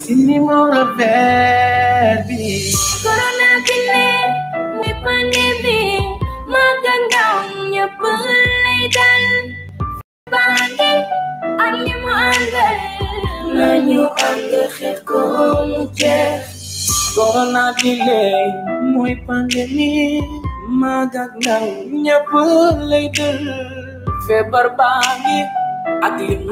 Simona Verbi Corona kini may panibig Magandang niya pulaidan Bakit ang imo andal Nanyo ang yakit kong jeff Corona delay mo'y pandemi Magandang niya pulaidan Febar bangit ak ngeen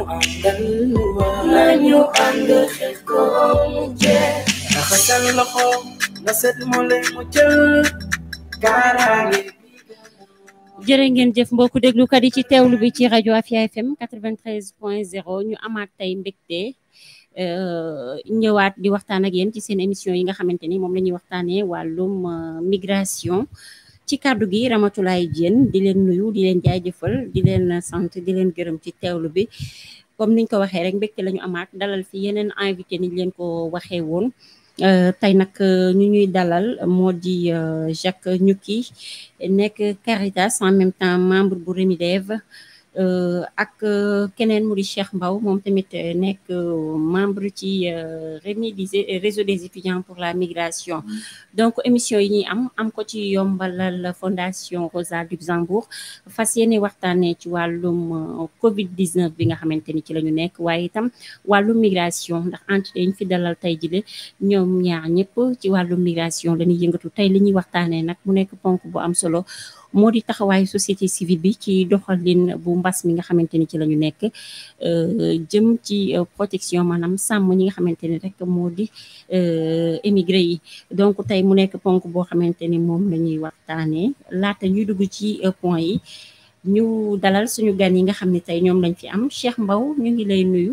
jëf mbokku déglukat yi ci teewlu bi ci rajo FM 93 point 0 ñu amaat tey mbégte euh, ñëwaat di waxtaan ak yéen ci seen émission yi nga xamante ni moom lañuy ñuy waxtaanee wàllum euh, migration. ci kaddu gi Ramatoulaye Diène di leen nuyu di leen jëfal di leen sant di leen gërëm ci teewlu bi comme niñ ko waxee rek mbégte la amaat dalal fi yeneen invité niñ leen ko waxee woon euh, tey nag euh, ñu ñuy dalal moo di euh, Jacques Gnucky nekk Caritas en même temps membre bu Remidev Euh, ak euh, keneen mu di Cheikh Mbaw moom tamit euh, nekk membre ci Rewmi di réseau des étudiants pour la migration mm. donc émission yi ñuy am am ko ci yombalal fondation Rosa Luxembourg fas yéene waxtaanee ci wàllum Covid 19 bi nga xamante ni ci la ñu nekk waaye itam wàllum migration ndax entité yi ñu fi dalal tey jile ñoom ñaar ñëpp ci wàllum migration la ñuy yëngatu tey li ñuy waxtaanee nag mu nekk ponk bu am solo. moo di taxawaayu société civile bi ci doxalin bu mbas mi nga xamante ni ci la ñu nekk euh, jëm ci euh, protection maanaam sàmm ñi nga xamante ni rek moo di euh, émigré yi donc tey mu nekk ponk boo xamante ni moom la ñuy waxtaanee laata ñuy dugg ci point yi ñu dalal suñu gan yi nga xam ni tey ñoom lañ fi am Cheikh Mbaw ñu ngi lay nuyu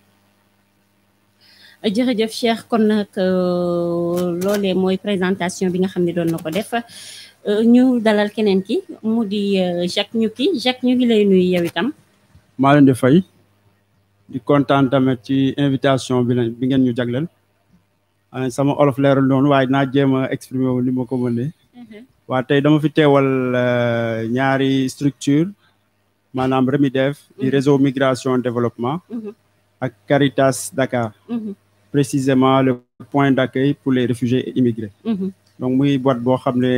jërëjëf Cheikh kon nag euh, loolee mooy présentation bi nga xam ne doon na ko def euh, ñu dalal keneen ki mu di euh, Jacques Gnucky Jacques ñu ngi lay nuyu yow itam. maa leen di fay di kontaan tamit ci invitation bi bi ngeen ñu jagleel sama olof leerul noonu waaye naa jéem a exprimer wu li ma ko mënee. Mhm. waa tey dama fi teewal ñaari structure maanaam Remidev di mhm. réseau migration développement. Mhm. ak Caritas Dakar. précisément le point d'accueil pour les réfugiés et immigrés. Mm donc muy boîte boo xam ne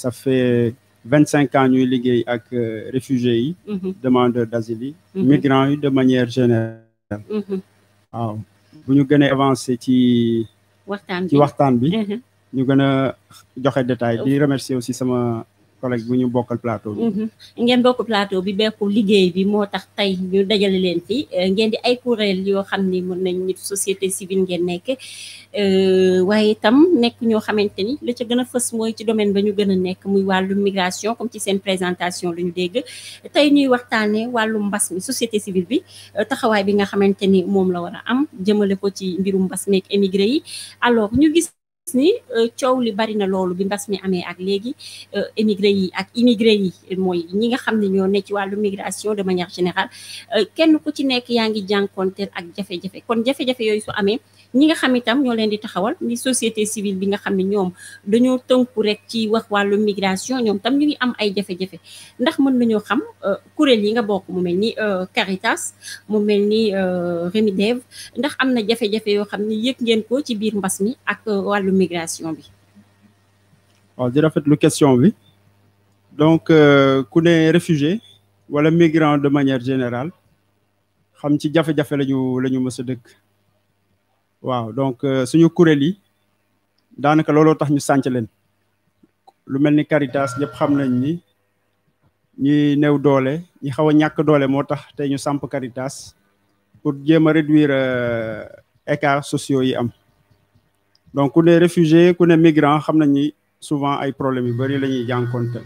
ça fait vingt cinq ans ñuy liggéey ak euh, réfugiés yi. Mm -hmm. demandeurs d'asile yi. Mm-hmm. migrants yi de manière générale. Mm-hmm. bu ñu gën a ci. waxtaan bi ci ñu gën a joxe détail di remercier aussi sama. collègue bu ñu bokkal plateau bi. Mhm. ngeen bokk plateau bi bekku liggéey bi moo tax tey ñu dajale leen fii euh, ngeen di ay kuréel yoo xam ni mën nañ nit société civile ngeen nekk euh, waaye itam nekk ñoo xamante ni la ca gën a fës mooy ci domaine ba ñu gën a nekk muy wàllu migration comme ci seen présentation lu ñu dégg tey ñuy waxtaane wàllu mbas mi société civile bi euh, taxawaay bi nga xamante ni moom la war a am jëmale ko ci mbirum mbas meek émigré yi alors ñu gis ni euh, coow li bari na loolu bi mbas mi amee ak léegi euh, émigré yi ak immigré yi mooy ñi nga xam ne ñoo ne ci wàllu migration de manière générale euh, kenn ku ci nekk yaa ngi jànkonteel ak jafe-jafe kon jafe-jafe yooyu su amee ñi nga xam itam ñoo leen di taxawal ni société civile bi nga xam ne ñoom dañoo tënku rek ci wax wàllu migration ñoom tam ñu ngi am ay jafe-jafe ndax mën nañoo xam euh, kuréel yi nga bokk mu mel ni euh, Caritas mu mel ni euh, Remidev ndax am na jafe-jafe yoo xam ne yëg ngeen ko ci biir mbas mi ak wàllu migration bi waaw di rafetlu question bi donc ku ne réfugié wala migrant de manière générale xam ci jafe-jafe lañu la ñu mës a dëkk waaw donc euh, suñu kuréel yi daanaka looloo tax ñu sànc leen lu mel ni Caritas ñëpp xam nañ ni ñi néew doole ñi xaw a ñàkk doole moo tax tey ñu samp Caritas pour jéem a réduire euh, écarts sociaux yi am donc ku ne réfugié ku migrant xam nañ ni souvent ay problèmes yu bëri la ñuy jànkoonte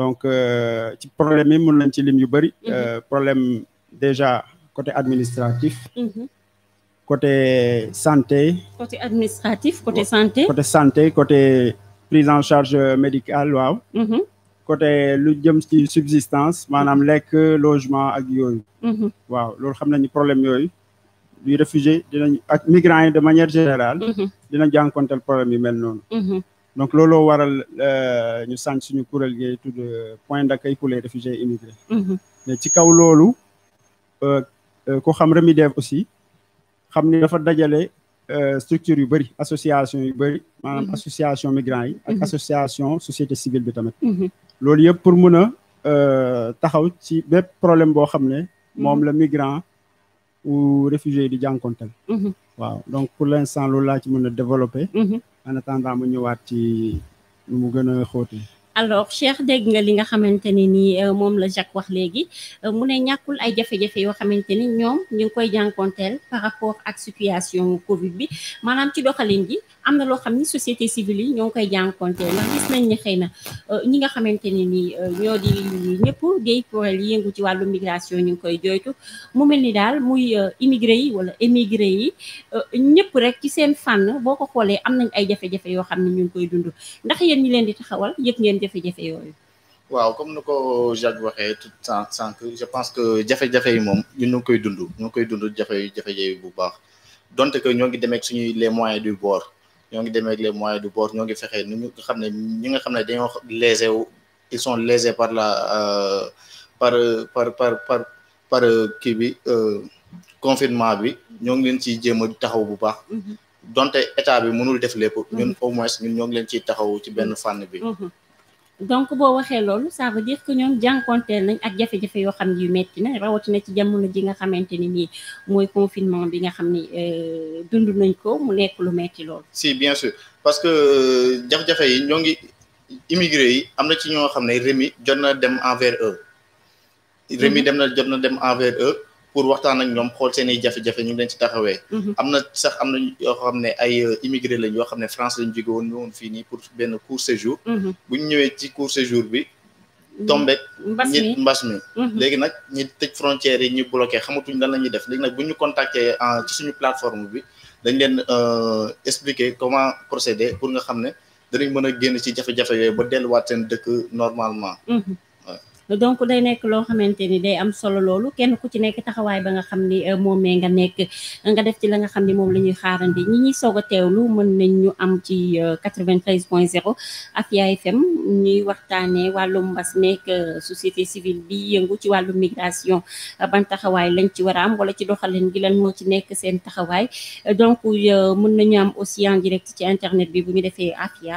donc euh, ci problème yi mun nañ ci lim yu bëri mm-hmm. problème déjà côté administratif mm-hmm. côté santé. côté administratif côté santé. côté santé prise en charge médicale waaw. Mm-hmm. côté lu jëm ci subsistance maanaam mm-hmm. lekk logement ak yooyu. Mm-hmm. waaw loolu xam nañu problème yooyu. du réfugié dinañ ak migrants yi de manière générale. dina jànkonteel problème yi mel noonu. donc looloo waral euh, ñu sànc suñu kuréel gi tudd euh, point d'accueil pour les réfugiés immigrés. mais ci kaw loolu. Euh, ko xam Remidev aussi. xam ni dafa dajale euh, structure yu bëri association yu bëri maanaam mhm. association migrants yi ak mhm. association société civile bi tamit mhm. loolu yëpp pour mun a euh, taxaw ci bépp problème boo xam ne moom la migrant ou réfugié di jànkonteel waaw donc pour l'instant loolu laa ci mën a développer en mu ñëwaat ci nu mu gën a alors Cheikh dégg nga li nga xamante ne ni euh, moom la Jacques wax léegi euh, mu ne ñàkkul ay jafe-jafe yoo xamante ni ñoom ñu ngi koy jànkonteel par rapport ak situation Covid bi maanaam ci doxalin gi am na loo xam ni société civile yi ñoo ngi koy jànkontee ndax gis nañ ne xëy na euh, ñi nga xamante ne ni euh, ñoo di ñëpp day kuréel yëngu ci wàllu migration ñu ngi koy joytu mu mel ni daal muy euh, immigré yi wala émigré yi ñëpp rek ci seen fànn boo ko xoolee am nañ ay jafe-jafe yoo xam ne ñu ngi koy dund ndax yéen ñi leen di taxawal yëg ngeen jafe-jafe yooyu waaw comme nu ko Jacques waxee tout sànq je pense que jafe-jafe yi moom ñun ñoo koy dund ñoo koy dund jafe-jafe yi bu baax donte que ñoo ngi demee ak suñuy les moyens du bord ñoo ngi demee ak les moyens du bord ñoo ngi fexe nu ñu xam ne ñi nga xam ne dañoo lésé wu ils sont lésés par la euh, par par par par par kii bi euh, confinement bi ñoo ngi leen ciy jéem a taxaw bu baax. Mm-hmm. donte état bi mënul def lépp. ñun mm-hmm. au moins ñun ñoo ngi leen ciy taxawu ci benn fànn bi. Mm-hmm. donc boo waxee loolu ça veut dire que ñoom jànkonteel nañ ak jafe-jafe yoo xam ne yu metti na rawatina ci jamono ji nga xamante ni nii mooy confinement bi nga xam ni euh, dundu nañ ko mu nekk lu metti loolu si bien sûr parce que euh, jafe-jafe yi ñoo ngi immigré yi am na ci ñoo xam ne Remi jot na dem envers eux Remi mhm. dem na jot na dem envers eux pour waxtaan ak ñoom xool seen i jafe-jafe ñu ngi leen ci taxawee mhm. am na sax am na yoo xam ne ay euh, immigré lañ yoo xam ne France lañ jóge woon ñëwoon fii nii pour benn court séjour mhm. bu ñu ñëwee ci court séjour bi tombé ñi mbas mi mhm. léegi nag ñi tëj frontières yi ñu bloqué xamatuñ lan la def léegi nag bu ñu contacté euh, ci suñu plateforme bi dañ leen euh, expliquer comment procéder pour nga xam ne danañ mën a génn ci jafe-jafe yooyu ba delluwaat seen dëkk normalement donc day nekk loo xamante ni day am solo loolu kenn ku ci nekk taxawaay ba nga xam ni moom euh, moomee nga nekk nga def ci la nga xam ni moom la ñuy xaarandi ñi ñuy soog a teewlu mën nañ ñu am ci 93 euh, point 0 Afia FM ñuy waxtaanee wàllum mbas nekk euh, société civile bi yëngu ci wàllu migration ban taxawaay lañ ci war a am wala ci doxalin gilan moo ci nekk seen taxawaay donc mën nañu am aussi en direct ci internet bi bu ñu defee Afia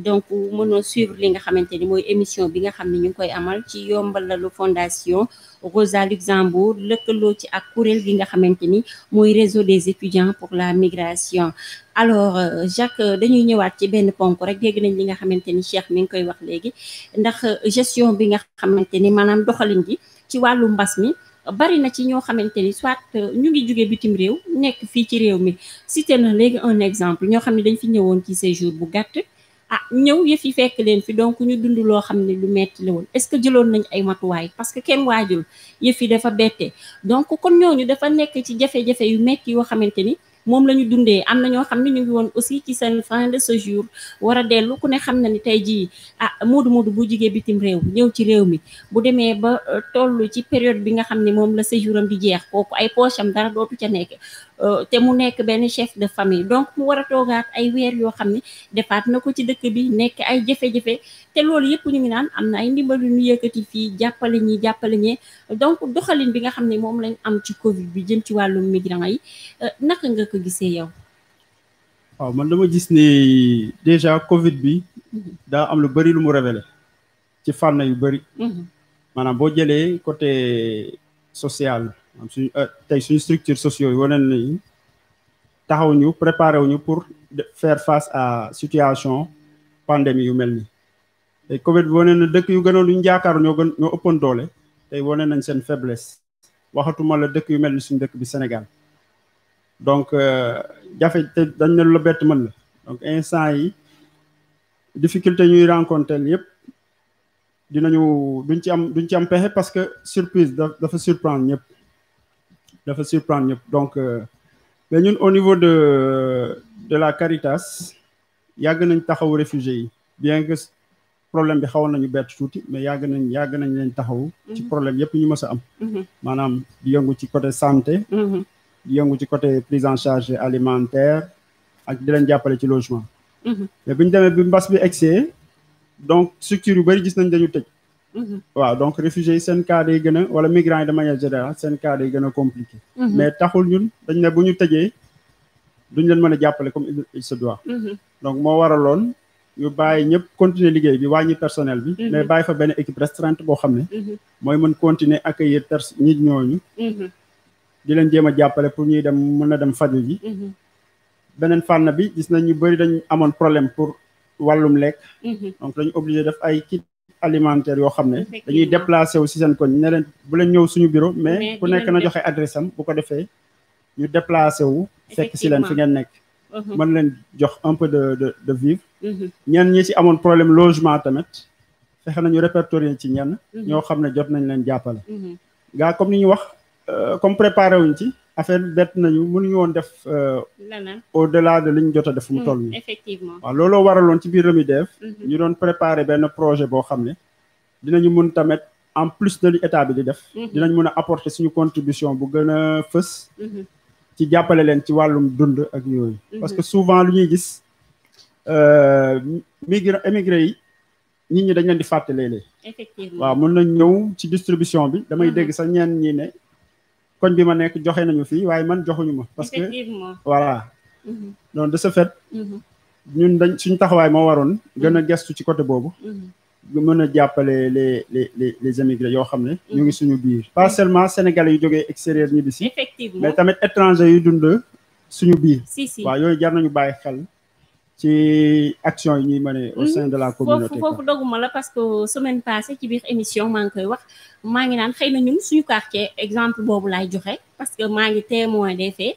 donc mënoo suivre li nga xamante ni mooy émission bi nga xam ne ñu ngi koy amal ci yombalalu fondation Rosa Luxembourg lëkkaloo ci ak kuréel gi nga xamante ni mooy réseau des étudiants pour la migration alors Jacques dañuy ñëwaat ci benn ponk rek dégg nañ li nga xamante ni Cheikh mi ngi koy wax léegi ndax gestion bi nga xamante ni maanaam doxalin ji ci wàllu mbas mi bari na ci ñoo xamante ni soit ñu ngi jugee bitim réew nekk fii ci réew mi cité na léegi un exemple ñoo xam ne dañ fi ñëwoon ci séjour bu gàtt ah ñëw yëf yi fekk leen fi donc ñu dund loo xam ne lu metti la woon est-ce que jëloon nañ ay matuwaay parce que kenn waajul yëf yi dafa bette donc kon ñooñu dafa nekk ci jafe-jafe yu metti yoo xamante ni moom la ñu dundee am na ñoo xam ne ñu ngi woon aussi ci seen fin de séjour war dellu ku ne xam na ni tey jii ah moodu moodu bu jigee bitim réew ñëw ci réew mi bu demee ba euh, toll ci période bi nga xam ne moom la séjour am di jeex kooku ay poche am dara dootu ca nekk Euh, te mu nekk benn chef de famille donc mu war a toogaat ay weer yoo xam ne defaat na ko ci dëkk bi nekk ay jafe-jafe te loolu yëpp ñu ngi naan am na ay ndimbal yu ñu yëkkati fii jàppale ñi jàppale ñee donc doxalin bi nga xam ne moom lañ am ci Covid bi jëm ci wàllum migrants yi euh, naka nga ko gisee yow. waaw man dama gis ne déjà Covid bi daa am lu bëri lu mu révélé ci fànn yu bëri. Mhm. maanaam boo jëlee côté social. am suñu euh, tey suñu structure sociaux yi wane nañu taxawuñu ñu préparé wu ñu pour faire face à situation pandémie yu mel ni tey covid bi wane na dëkk yu gënoon lu ñu jaakaar ñoo gën ñoo ëppoon doole tey wane nañ seen faiblesse waxatuma la dëkk yu mel ni suñ dëkk bi Sénégal donc euh, jafe te dañ ne la bett mën la donc instant yi difficulté ñuy rencontré yëpp dinañu duñ ci am duñ ci pexe parce que surprise dafa surprendre ñëpp dafa surprendre ñëpp donc euh, mais ñun au niveau de de la Caritas yàgg nañ taxaw réfugiés yi bien que problème bi xawoon nañu bett tuuti mais yàgg nañ yàgg nañ leen taxaw ci mhm. problème yëpp ñu mës a am mhm. maanaam di yëngu ci côté santé mhm. di yëngu ci côté prise en charge alimentaire ak di leen jàppale ci logement mais bi ñu demee bi mbas bi egsee donc structure yu bëri gis nañ dañu tëj Mm-hmm. waaw donc réfugiés yi seen cas day gën a wala migrants yi de manière générale seen cas day gën a compliqué mm-hmm. mais taxul ñun dañ ne bu ñu tëjee duñ leen mën a jàppale comme il se doit mm-hmm. donc moo waraloon ñu bàyyi ñëpp continuer liggéey bi wàññi personnel bi mais bàyyi fa benn équipe restreinte boo xam ne mooy mën continuer accueillir pers nit ñu di leen jéem a jàppale pour ñuy dem mën a dem faju ji beneen fànn bi gis nañ ñu bëri dañ amoon problème pour wàllum lekk donc dañu obligé def ay kit alimentaire yoo xam ne dañuy déplacé wu si seen koñ ne leen bu leen ñëw suñu bureau mais ku nekk na joxe adresse am bu ko defee ñu déplacé wu fekk si leen fi ngeen nekk mhm. mën leen jox un peu de de de vivre mhm. ñan ñi si amoon problème logement tamit fexe nañu répertorier ci ñan mhm. ñoo xam ne jot nañ leen jàppale gaa comme ni ñu wax euh, comme préparer wuñ ci affaire bi bett nañu mënuñu woon def. Euh, au delà de li ñu jot a def. fu mu hmm, toll nii waaw looloo waraloon ci biir Remidev. Mhm. ñu doon préparer benn projet boo xam ne dinañu mën tamit en plus de état bi di def. Mhm. dinañ mën a apporter suñu contribution bu gën a fës. Mhm. ci jàppale leen ci wàllum dund ak yooyu. parce que souvent lu ñuy gis euh, migré émigré yi. nit ñi dañ leen di fàtte léeg-léeg. waaw mën nañ ñëw ci distribution bi. damay dégg sax ñeen ñi ne. koñ bi ma nekk joxe nañu fii waaye man joxuñu ma parce que voilà donc mhm. de ce fait mhm. ñun dañ suñu taxawaay moo waroon gën a mhm. gestu ci côté boobu mën a jàppale les les les les émigrés yoo xam ne ñu ngi suñu biir pas seulement sénégalais yu jógee extérieur ñibbi si mais tamit étranger yuy dund suñu biir waa yooyu jar nañu bàyyi xel ci action yi ñuy mener au sein de la mm, communauté foofu doguma la parce que semaine passée ci biir émission maa ngi koy wax maa ngi naan xëy na ñun suñu quartier exemple boobu laay joxe parce que maa ngi témoin des faits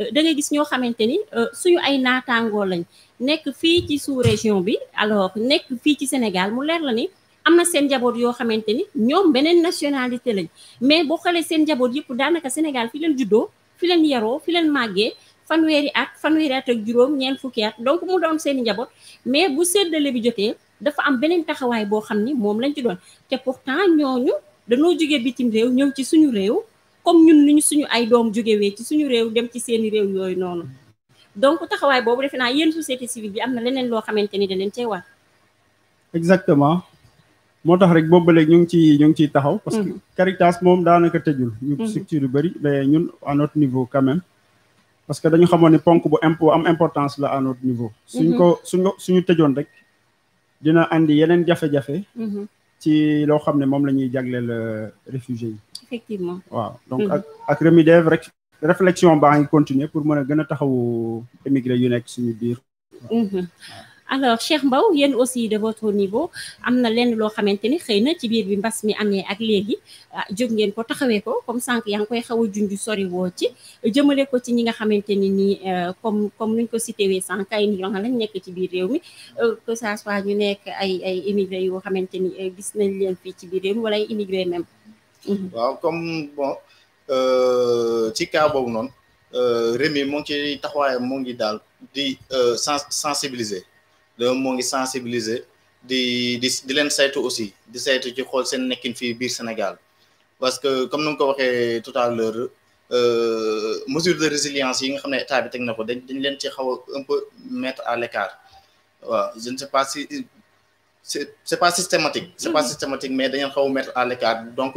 euh, da ngay gis ñoo xamante ni euh, suñu ay naataangoo lañ nekk fii ci sous région bi alors nekk fii ci Sénégal mu leer la ni am na seen njaboot yoo xamante ni ñoom beneen nationalité lañ mais boo xoolee seen njaboot yëpp daanaka Sénégal fi leen juddoo fi leen yaroo fi leen màggee fanweeri at fanweeri at ak juróom ñeen fukki at donc mu doon seen njaboot mais bu séddale bi jotee dafa am beneen taxawaay boo xam ni moom lañ ci doon te pourtant ñooñu dañoo jógee bitim réew ñëw ci suñu réew comme ñun ni ñu suñu ay doom jógewee ci suñu réew dem ci seeni réew yooyu noonu donc taxawaay boobu defee naa yéen société civile bi am na leneen loo xamante ni da leen cee war exactement moo tax rek boobu ba léegi ñu ngi ci ñu ngi ciy taxaw parce que mm. Caritas moom daanaka tëjul ñu mm. structure yu bëri mais ñun à notre niveau quand parce que dañu xamoon ni ponk bu impo am importance la à not niveau. suñ ko mhm. suñ ko suñu tëjoon rek dina andi yeneen jafe-jafe. Mhm. ci loo xam ne moom la ñuy jagleel euh, réfugiés yi. effectivement waaw donc mhm. ak ak Remidev rek réflexion baa ngi continuer pour mën a gën a taxawu émigré yu nekk suñu biir. alors Cheikh Mbaw yéen aussi de votre niveau am na lenn loo xamante ni xëy na ci biir bi mbas mi amee ak léegi ah, jóg ngeen ko taxawee ko comme sànq yaa ngi koy xaw a junj sori woo ci jëmale ko ci ñi nga xamante ni nii euh, comme comme nuñ ko cité wee sànq ay nit yoo xam ci biir réew mi euh, que ñu nekk ay ay immigré yoo xamante ni euh, gis nañ leen fii ci biir réew wala ay immigré même. waaw mhm. comme bon ci cas boobu noonu Rewmi moo ngi ci taxawaayam moo ngi daal di sensibiliser. loolu moo ngi sensibiliser di di di leen saytu aussi di saytu ci xool seen nekkin fii biir Sénégal parce que comme ni nga ko waxee tout à l'heure euh, mesure de résilience yi nga xam ne état bi teg na ko dañ dañ leen ci xaw a un peu mettre à l'écart waaw je ne sais pas si c'est c'est pas systématique c'est pas mm-hmm. systématique mais dañu xaw a mettre à l'écart donc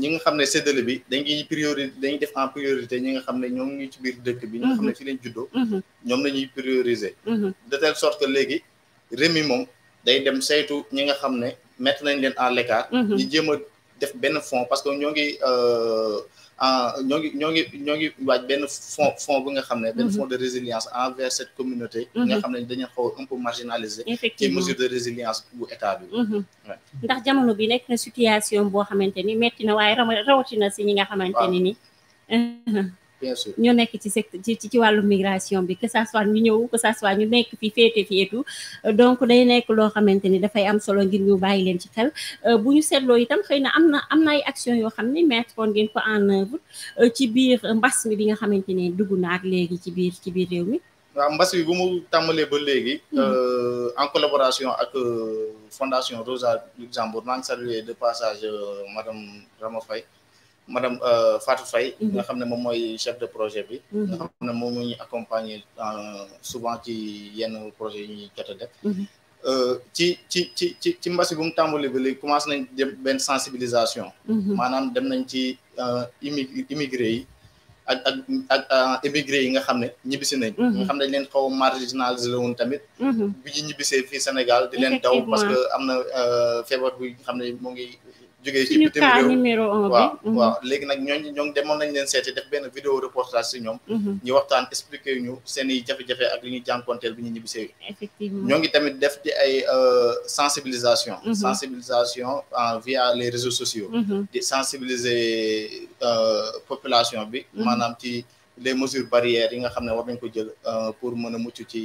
ñi nga xam ne séddale bi dañuy priorité dañuy def en priorité ñi nga xam ne ñoom ñu ci biir dëkk bi ñi nga xam ne mm-hmm. fi lañ juddoo mm-hmm. ñoom la ñuy prioriser de telle sorte léegi remi moom day dem saytu ñi nga xam ne mettre nañ leen en l'écart ñu mhm. jéem a def benn fond parce que ñoo ngi euh, ñoo ngi ñoo ngi ñoo ngi waaj benn fond fond bu nga xam ne benn mhm. fond de résilience envers cette communauté bi mhm. nga xam ne dañu xaw un peu marginalisé ci mesure de résilience bu état bi ndax jamono bi nekk na situation boo xamante ni metti na waaye rawatina si ñi nga xamante ni ni ñoo nekk ci secteur ci wàllu migration bi que ça soit ñu ñëw que ça ñu nekk fi féete féetu donc day nekk loo xamante ni dafay am solo ngir ñu bàyyi leen ci xel euh, bu ñu seetloo itam xëy na am na am na ay action yoo xam ne mettre woon ngeen ko en œuvre euh, ci biir mbas mi bi nga xamante ni dugg na ak léegi ci biir ci biir réew mi waaw mbas bi bu mu tàmbalee ba léegi mm-hmm. euh, en collaboration ak fondation Rosa Luxembourg maa ngi saluer de passage madame Rama madame euh, Fatou Faye mhm. nga xam ne moom mooy chef de projet bi mhm. nga xam ne moom mu ñu accompagner euh, souvent ci yenn projet ñu ñuy jot mhm. euh, ci ci ci ci ci mbas bu mu tàmbali ba léegi commencé nañ dem benn sensibilisation maanaam dem nañ ci immi immigré yi ak ak ak émigré yi nga xam ne ñibbisi nañ nga xam ne dañ leen xaw a marginalisé woon tamit bi ñu ñibbisee fii Sénégal di leen taw parce que am na feebar bi nga xam ne mu jógee ci bitim réew numéro un bi mhm. waaw léegi nag ñooñu ñoom demoon nañ leen seeti def benn vidéo reportage si ñoom mhm. ñu waxtaan expliqué ñu seeni i jafe-jafe ak li ñuy bi ñi ñibbisee effectivement ñoo ngi tamit def ci ay euh, sensibilisation mhm. sensibilisation euh, via les réseaux sociaux di sensibiliser euh, population bi maanaam ci les mesures barrières yi nga xam ne war nañ ko jël pour mën a mucc ci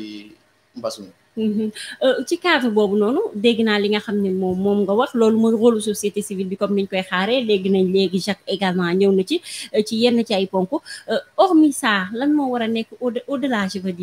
mbas mi Mhm. Euh, ci cadre boobu noonu dégg naa li nga xam ne moom moom nga wax loolu mooy rôle société civile bi comme niñ koy xaaree léegi nañ léegi Jacques également ñëw na ci euh, ci yenn ci ay ponk euh, hormis ça lan moo war a nekk au delà je veux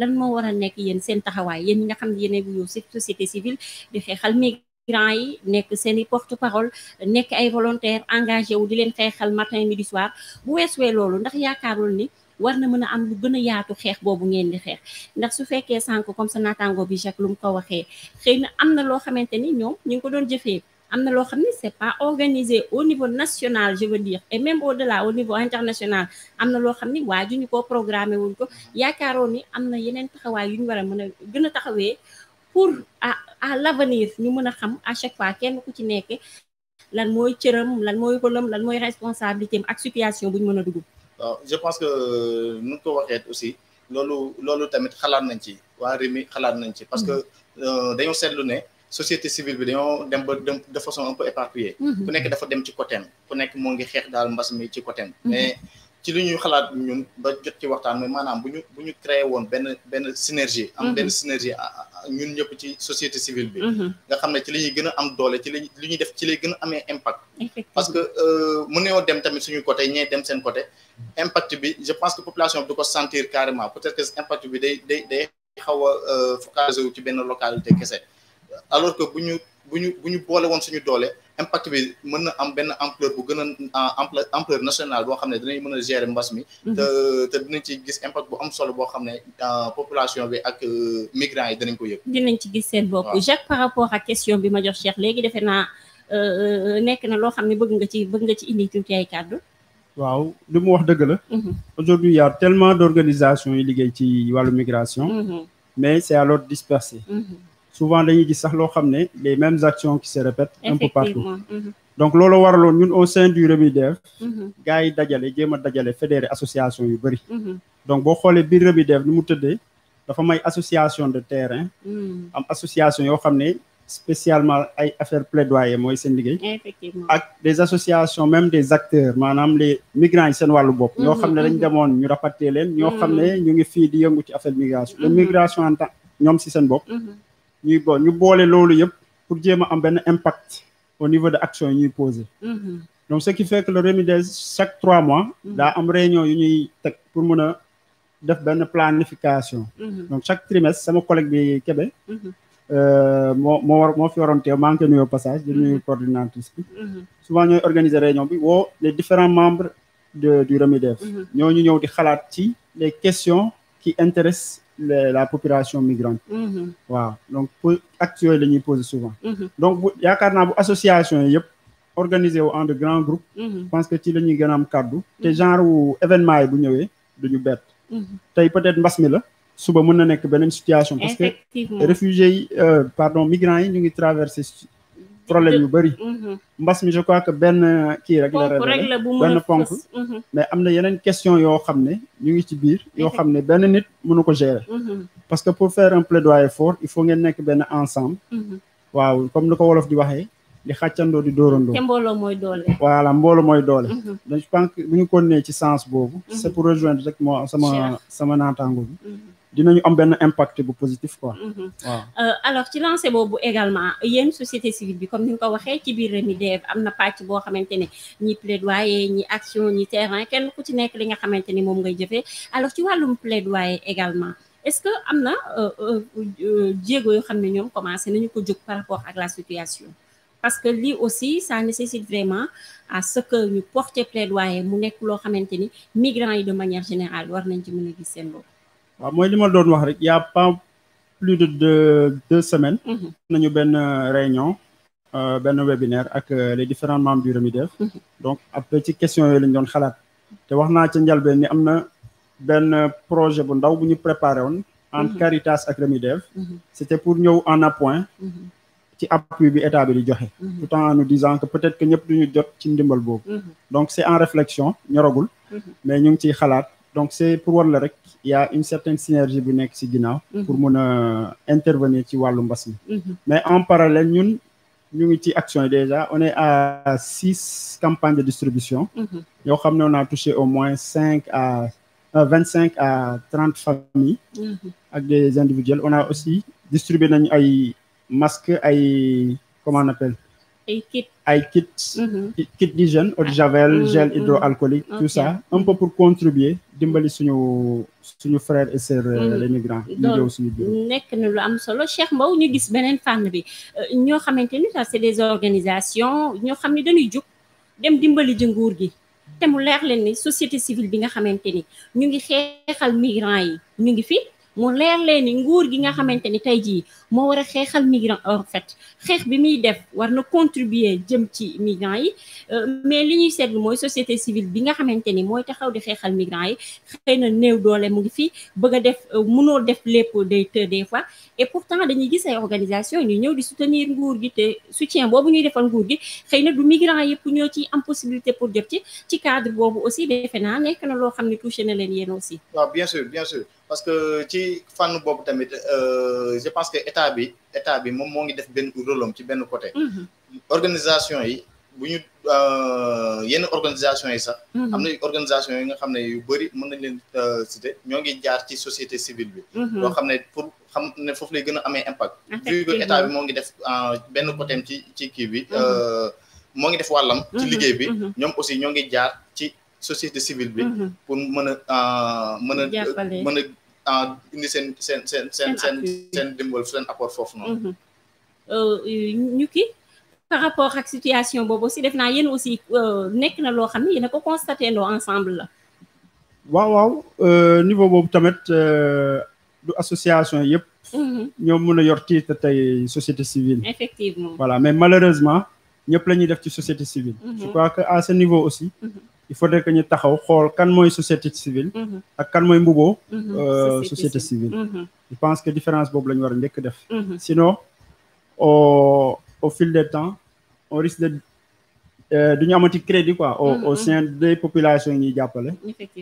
lan moo war a nekk yéen seen taxawaay yéen nga xam ne yéen a yow société civile di xeexal migrants yi nekk seen i porte parole nekk ay volontaire engagé wu di leen xeexal matin midi soir bu weesuwee loolu ndax yaakaarul ni war na mën a am lu gën a yaatu xeex boobu ngeen di xeex ndax su fekkee sànq comme sa naataango bi Jacques lu mu ko waxee xëy na am na loo xamante ni ñoom ñu ngi ko doon jëfee am na loo xam ne c'est pas organisé au niveau national je veux dire et même au-delà au niveau international am na loo xam ne waa juñu ko programmer wuñ ko yaakaaroon ni am na yeneen taxawaay yu ñu war a mën a gën a taxawee pour à à l'avenir ñu mën a xam à chaque fois kenn ku ci nekk lan mooy cëram lan mooy rôlam lan mooy responsabilité am bu ñu mën a dugg donc je pense que euh, nu ko waxeet aussi loolu loolu tamit xalaat nañ ci waa Rewmi xalaat nañ ci parce que euh, dañoo seetlu ne société civile bi dañoo dem ba dem de façon un peu éparpillée mhm. ku nekk dafa dem ci côté ku nekk moo ngi xeex daal mbas mi ci côté mhm. mais ci li ñuy xalaat ñun ba jot ci waxtaan mooy maanaam bu ñu bu ñu créé woon benn benn synergie am mhm. benn synergie ñun ñëpp ci société civile bi mhm. nga xam ne ci li ñuy gën a am doole ci lañ li ñuy def ci lay gën a amee impact parce que euh, mu neewoo dem tamit suñu côté ñee dem seen côté impact bi je pense que population bi du ko sentir carrément peut-être que impact bi day day day xaw a euh, focaliser wu ci benn localité kese alors que bu ñu bu ñu bu ñu boole woon suñu doole impact bi mën na am benn ampleur bu gën a ah, nationale boo xam ne dinañ mën a gérer mbas mi mhm. te dinañ ci gis impact bu am solo boo xam ne ah, population bi ak euh, migrants yi dinañ ko yëg dinañ ci gis seen bopp Jacques par rapport ak question bi ma jox Cheikh léegi defe naa euh, nekk na loo xam ne bëgg nga ci bëgg nga ci indi tuuti ay kàddu waaw li mu wax dëgg la mhm. aujourd'hui y a tellement d'organisations yi liggéey ci wàllu migration mhm. mais c'est alors dispersé souvent dañuy gis sax loo xam ne les mêmes actions qui se répètent un peu partout mhm. donc loolu waraloon ñun au sein du Remidev mhm. gars yi dajale jéem a dajale fédéré association yu bëri mhm. donc boo xoolee biir Remidev ni mu tëddee dafa may association de terrain am association yoo xam ne spécialement ay affaire plaidoyer mooy seen liggéey ak des associations même des acteurs maanaam les migrants yi seen wàllu bopp ñoo xam ne dañ demoon ñu rapatrier leen ñoo xam ne ñu ngi fii di yëngu ci affaire migration la migration en ñoom si seen bopp ñuy bon ñu boole loolu yëpp pour jéem a am benn impact au niveau de action yi ñuy poser mm-hmm. donc ce qui fait que le Remidez chaque trois mois mm-hmm. daa am réunion yu ñuy teg pour mun a def benn planification mm-hmm. donc chaque trimestre sama collègue bi Kébé euh, moo moo war moo fi waroon teew maa ngi koy nuyoo passage di nuyu coordinatrice bi souvent ñooy organiser réunion bi woo les différents membres de du Remidev ñooñu ñëw di xalaat ci les questions qui intéressent la population migrante. Mm-hmm. waaw donc pour actes yooyu la ñuy poser souvent. Mm-hmm. donc bu yaakaar naa bu association yi yëpp organisé wu en de grands groupes. Mm-hmm. je que ci lañuy ñuy gën am kàddu. te genre wu événement yi bu ñëwee duñu bett. tey peut-être mbas mi la. suba mën na nekk beneen situation. parce que réfugiés yi euh, pardon migrants yi ñu ngi traversé problème yu bëri mhm. mbas mi je crois que benn kii rek la révélé benn ponk mhm. mais am na yeneen question yoo xam ne ñu ngi ci biir yoo xam ne benn nit mënu ko gérer mhm. parce que pour faire un plaidoyer il faut ngeen nekk benn ensemble waaw comme ni ko wolof di waxee di xàccandoo di dóorandoo te mboolo mooy doole voilà donc je pense que bu ñu continuer ci sens boobu c'est pour rejoindre rek moo sama sama naataango bi dinañu am benn impact bu positif quoi. Mhm. waaw euh, alors ci lancé boobu également yéen société civile bi comme ni nga ko waxee ci biir Remidev am na pàcc boo xamante ne ñi plaidoyer ñi action ñi terrain kenn ku ci nekk li nga xamante ni moom ngay jëfee alors ci wàllum plaidoyer également est-ce que am na euh, euh, jéego yoo xam ne ñoom commencé nañu ko jóg par rapport ak la situation. parce que lii aussi ça nécessite vraiment à ce que ñu porter plaidoyer mu nekk loo xamante ni migrants yi de manière war nañ ci mën a gis seen waa mooy li ma doon wax rek y' a pas plus de deux semaines. Mhm. nañu benn réunion. Euh, benn webinaire ak euh, les différents membres du Remidef. Mhm. donc après ci question yooyu lañ doon xalaat. te wax naa ca njalbeen ni am na benn projet bu ndaw bu ñu préparé woon. entre mhm. Caritas ak Remidef. c' était pour ñëw en appoint. ci appui bi état bi di joxe. tout en nous disant que peut-être que ñëpp ñu jot ci ndimbal boobu. donc c' en réflexion ñoragul. mais ñu ngi ciy xalaat. donc c'est pour war la rek ya a une certaine synergie bu nekk ci ginnaaw mhm. pour mun a intervenir ci wàllu mbas mi mhm. mais en parallèle ñun ñu ngi ci action yi déjà on est à six campagnes de distribution mhm. yoo xam ne on a touché au moins cinq à euh, vingt cinq à trente familles ak des individuels ona aussi distribué nañu ay masque ay comment on appelle ay kit ay mm-hmm. kit kit d'hygiène eau de javel mm-hmm. gel hydroalcoolique mm-hmm. tout ça un peu pour contribuer dimbali suñu suñu frères et sœurs euh, les migrants ñu ñëw suñu biir nekk na lu am solo Cheikh Mbow ñu gis beneen fànn bi euh, ñoo xamante ni ça c'est des organisations ñoo xam ni dañuy jug dem dimbali jënguur gi te mu leer leen ni société civile bi nga xamante ni ñu ngi xeexal migrants yi ñu ngi fi mu leer leen ni nguur gi nga xamante ni tey jii moo war a xeexal migrant en fet xeex bi muy def war na contribuer jëm ci migrant yi euh, mais li ñuy seetlu mooy societé civile bi nga xamante ni mooy taxaw di xeexal migrant yi xëy na néew doole mu ngi fi bëgg a def euh, mënoo def lépp day des fois et pourtant dañuy gis organisation ñu ñëw di soutenir nguur gi te soutien boobu ñuy defal nguur gi xëy na du migrant yëpp ñoo ci am possibilité pour jot ci ci cadre boobu aussi defe naa nekk na loo xam ne touché na leen yéen aussi waaw bien sûr bien sûr parce que ci fànn boobu tamit euh, je pense que état bi état bi moom moo ngi def benn rôlam ci benn côté mhm. organisation yi bu ñu euh, yenn organisation yi sax mhm. am ne organisation yi nga xam ne yu bëri mën nañ leen euh, citer ñoo ngi jaar ci société civile bi loo mhm. xam ne pour xam ne foofu lay gën a amee impact vu que état moo ngi def benn côté ci ci kii bi moo ngi def wàllam ci liggéey bi ñoom aussi ñoo ngi jaar ci société civile bi pour mën a mën Ah, indi seen seen seen seen seen seen dimbal seen apport foofu noonu mhm. euh, ñu ki par rapport ak situation boobu aussi def naa yéen aussi euh, nekk na loo xam ne yéen a ko constaté ndoo ensemble la waaw waaw euh, niveau boobu tamit du association yëpp mhm. ñoo mën a yor titre tey société civile effectivement voilà mais malheureusement ñëpp la ñuy def ci société civile mhm. je crois que à ce niveau aussi il faudrait que ñu taxaw xool kan mooy société civile. Mhm. ak kan mooy mbuboo mhm. euh, société civile mhm. je pense que différence boobu lañu ñu war a njëkk def sinon au au fil de temps on risque de euh, duñu amati crédit quoi au sein des populations ñuy jàppale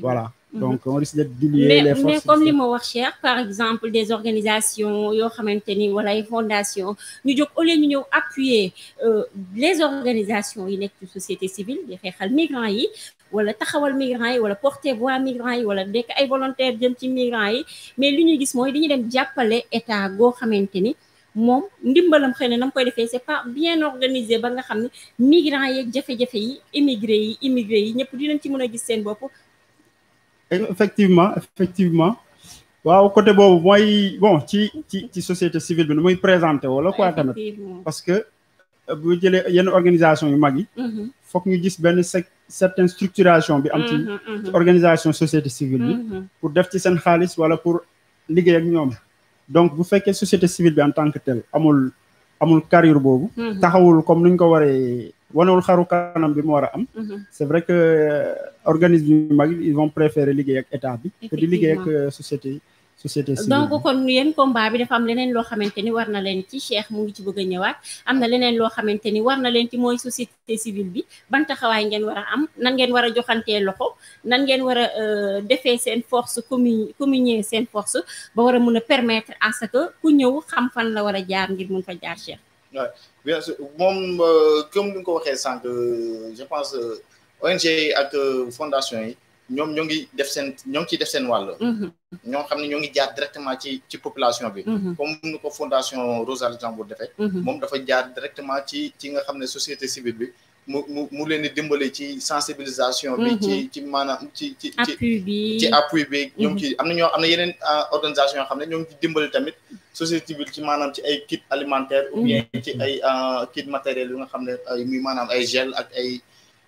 voilà donc on risque de diluer les forces mais wax cher par exemple des organisations yoo xamante ni wala ay fondations ñu jóg au ñu ñëw appuyer euh, les organisations yi nekk ci société civile di xeexal migrants yi wala taxawal migrants yi wala porter voix migrants yi wala nekk ay volontaire jëm ci migrants yi mais li ñuy gis mooy dañuy dem jàppale état goo xamante ni moom ndimbalam xëy na na mu koy defee c'est pas bien organisé ba nga xam ne migrants yeeg jafe yi immigré yi immigré yi ñëpp dinañ ci mën a gis seen bopp effectivement effectivement waaw côté boobu mooy bon ci ci ci société civile bi nu muy présenté wala ko tamit parce que euh, bu jële yenn organisation yu mag yi mm-hmm. foog ñu gis benn sec certaine structuration bi am ci mhm, mhm. organisation société civile bi mhm. pour def ci seen xaalis wala pour liggéey ak ñoom donc bu fekkee société civile bi en tant que tel amul amul carrière boobu taxawul comme nuñ ko waree wanewul xaru kanam bi mu war a am c'est vrai que euh, organisme yu mag ils vont préférer liggéey ak état bi que di liggéey ak euh, société yi société civile donc kon yéen combat bi dafa am leneen loo xamante ni war na leen ci Cheikh mu ngi ci bëgg a ñëwaat am na leneen loo xamante ni war na leen ci mooy société civile bi ban taxawaay ngeen war am nan ngeen war a joxantee loxo nan ngeen war a euh, defee seen force commune communier seen force ba war a mun a permettre à que ku ñëw xam fan la war a jaar ngir mun fa jaar Cheikh. waaw moom euh, comme ni nga ko waxee sànq euh, je pense ONG ak fondation yi. ñoom ñoo ngi def seen ñoo ngi ciy def seen wàll. Mm-hmm. ñoo xam ne ñoo ngi jaar directement ci ci population bi. Mm-hmm. comme ni ko fondation Rose Luxembourg defee. Mm-hmm. moom dafa jaar directement ci ci nga xam ne société civile bi mu mu mu leen di dimbale ci sensibilisation. bi ci ci maanaam ci ci ci. appui bi ci appui ñoom ci am na ñoo am na yeneen ah, organisation yoo xam ne ñoo ngi ci dimbale tamit société civile ci maanaam ci ay kit alimentaire. ou bien ci ay ah, kit matériel yu nga xam ne mi maanaam ay gel ak ay.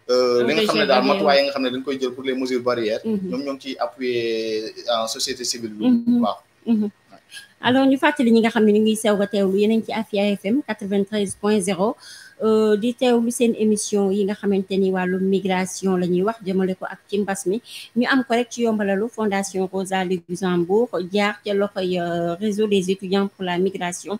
Euh, li nga xam ne daal matuwaay yi nga xam ne dañ koy jël pour les mesures barrières mhm. ñoom ñoo ngi ciy appuyer en société civile lu baax mhm. mhm. alors ñu fàttali ñi nga xam ne ñu ngi sew ga teewlu yeneen ci Afia FM 93 point 0 Euh, di teewlu seen émission yi nga xamante ni wàllum migration la ñuy wax jëmale ko ak ci mbas mi ñu am ko rek ci yombalalu fondation Rosalie Luxembourg jaar ca loxoy euh, réseau des étudiants pour la migration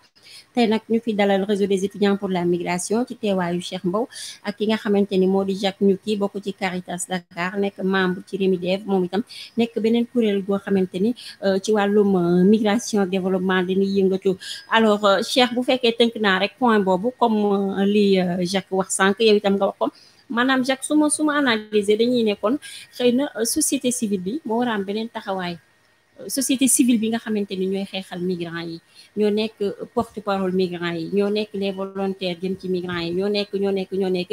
te nag ñu fi dalal réseau des étudiants pour la migration ci teewaayu Cheikh Mbow ak ki nga xamante ni moo di ñu Ñuki bokk ci Caritas Dakar nekk membre ci Remidev moom itam nekk beneen kuréel goo xamante ni euh, ci wàllum migration ak développement dañuy yëngatu li euh, Jacques wax sànq yow itam nga wax ko maanaam Jacques suma suma su ma dañuy ne kon xëy na société civile bi moo war beneen taxawaay société civile bi nga xamante ni ñooy xeexal migrants yi ñoo nekk porte parole migrants yi ñoo nekk les volontaires jëm ci migrants yi ñoo nekk ñoo nekk ñoo nekk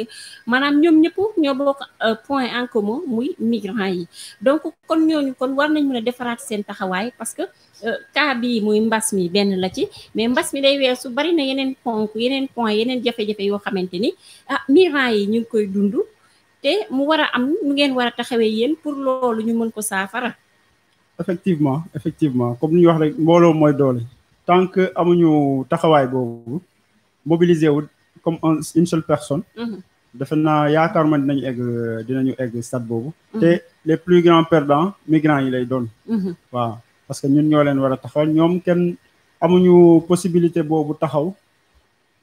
maanaam ñoom ñëpp ñoo bokk euh, point en commun muy migrants yi donc kon ñooñu kon war nañ a defaraat seen taxawaay parce que euh, cas bii muy mbas mi benn la ci mais mbas mi day weesu bari na yeneen ponk yeneen point yeneen jafe-jafe yoo xamante ni ah migrants yi ñu ngi koy dund te mu war a am nu ngeen war a taxawee yéen pour loolu ñu mën ko saafara effectivement effectivement comme ni ñu wax rek mbooloo mooy doole tant que amuñu taxawaay boobu mobiliser wu comme un seule personne mhm. defe naa yaakaar ma dinañu egg dinañu egg stade boobu mhm. te les plus grands perdants migrants yi lay doon mhm. waaw parce que ñun ñoo leen war a taxawal ñoom kenn amuñu possibilité boobu taxaw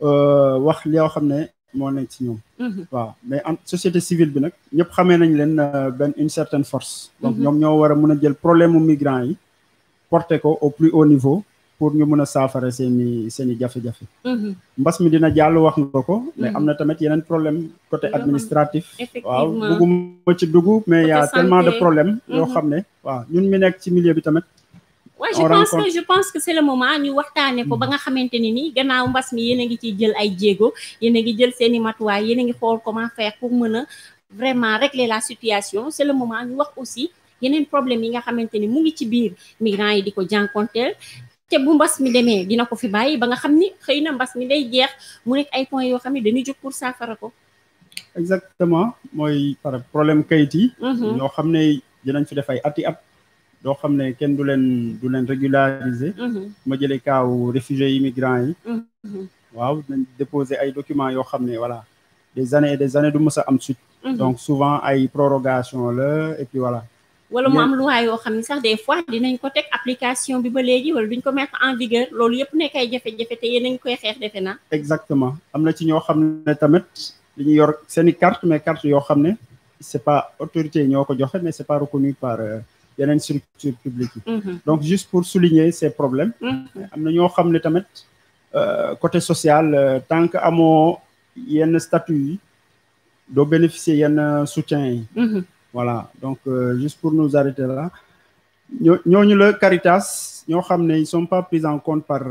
euh, wax loo xam ne moo nekk ci ñoom mhm. waaw mais en société civile bi nag ñëpp xamee nañ leen euh, benn une certaine force donc mhm. ñoom ñoo war a mën a jël problème mu migrants yi porter ko au plus haut niveau pour ñu mën a saafara seen i seen i jafe-jafe mhm. mbas mi dina jàll wax nga ko mais am na tamit yeneen problème côté administratif waaw bugguma ci dugg mais y tellement de problèmes yoo xam ne waaw ñun mi nekk ci milieu bi tamit waaw je pense que je pense que c'est le moment ñu waxtaane ko ba nga xamante ni nii gannaaw mbas mi yéen a ngi ciy jël ay jéego yéen a ngi jël seen i matuwaay yéen a ngi xool comment faire pour mën a vraiment régler la situation c'est le moment ñu wax aussi yeneen problème yi nga xamante ni mu ngi ci biir migrants yi di ko jànkonteel te bu mbas mi demee dina ko fi bàyyi ba nga xam ni xëy na mbas mi day jeex mu nekk ay point yoo xam ne dañu jóg pour saafara ko exactement mooy par problème kayit yi mhm. ñoo xam ne dinañ fi def ay ati at yoo xam ne kenn du leen du leen régulariser mhm. ma jëlee kaaw réfugiés immigrants yi mhm. waaw nañ déposer ay documents yoo xam ne voilà des années des années du mës a am suite mhm. donc souvent ay prorogation la et voilà wala mu am loi yoo xam ne sax des fois dinañ ko teg application bi ba léegi wala duñ ko mettre en vigueur loolu yëpp nekk ay jafe-jafe te yéen a ngi koy xeex defe na exactement am na ci ñoo xam ne tamit li ñu yor seen i carte mais carte yoo xam ne c'est pas autorité ñoo ko joxe mais c'est pas reconnu par euh, yeneen structure publique yi mhm. donc juste pour souligner ces problèmes mhm. am na ñoo xam ne tamit euh, côté sociale euh, tant que amoo yenn statut yi doo bénéficier yenn soutien yi mhm. voilà donc euh, juste pour nous arrêter la ñoo ñu la Caritas ñoo xam ne ils sont pas pris en compte par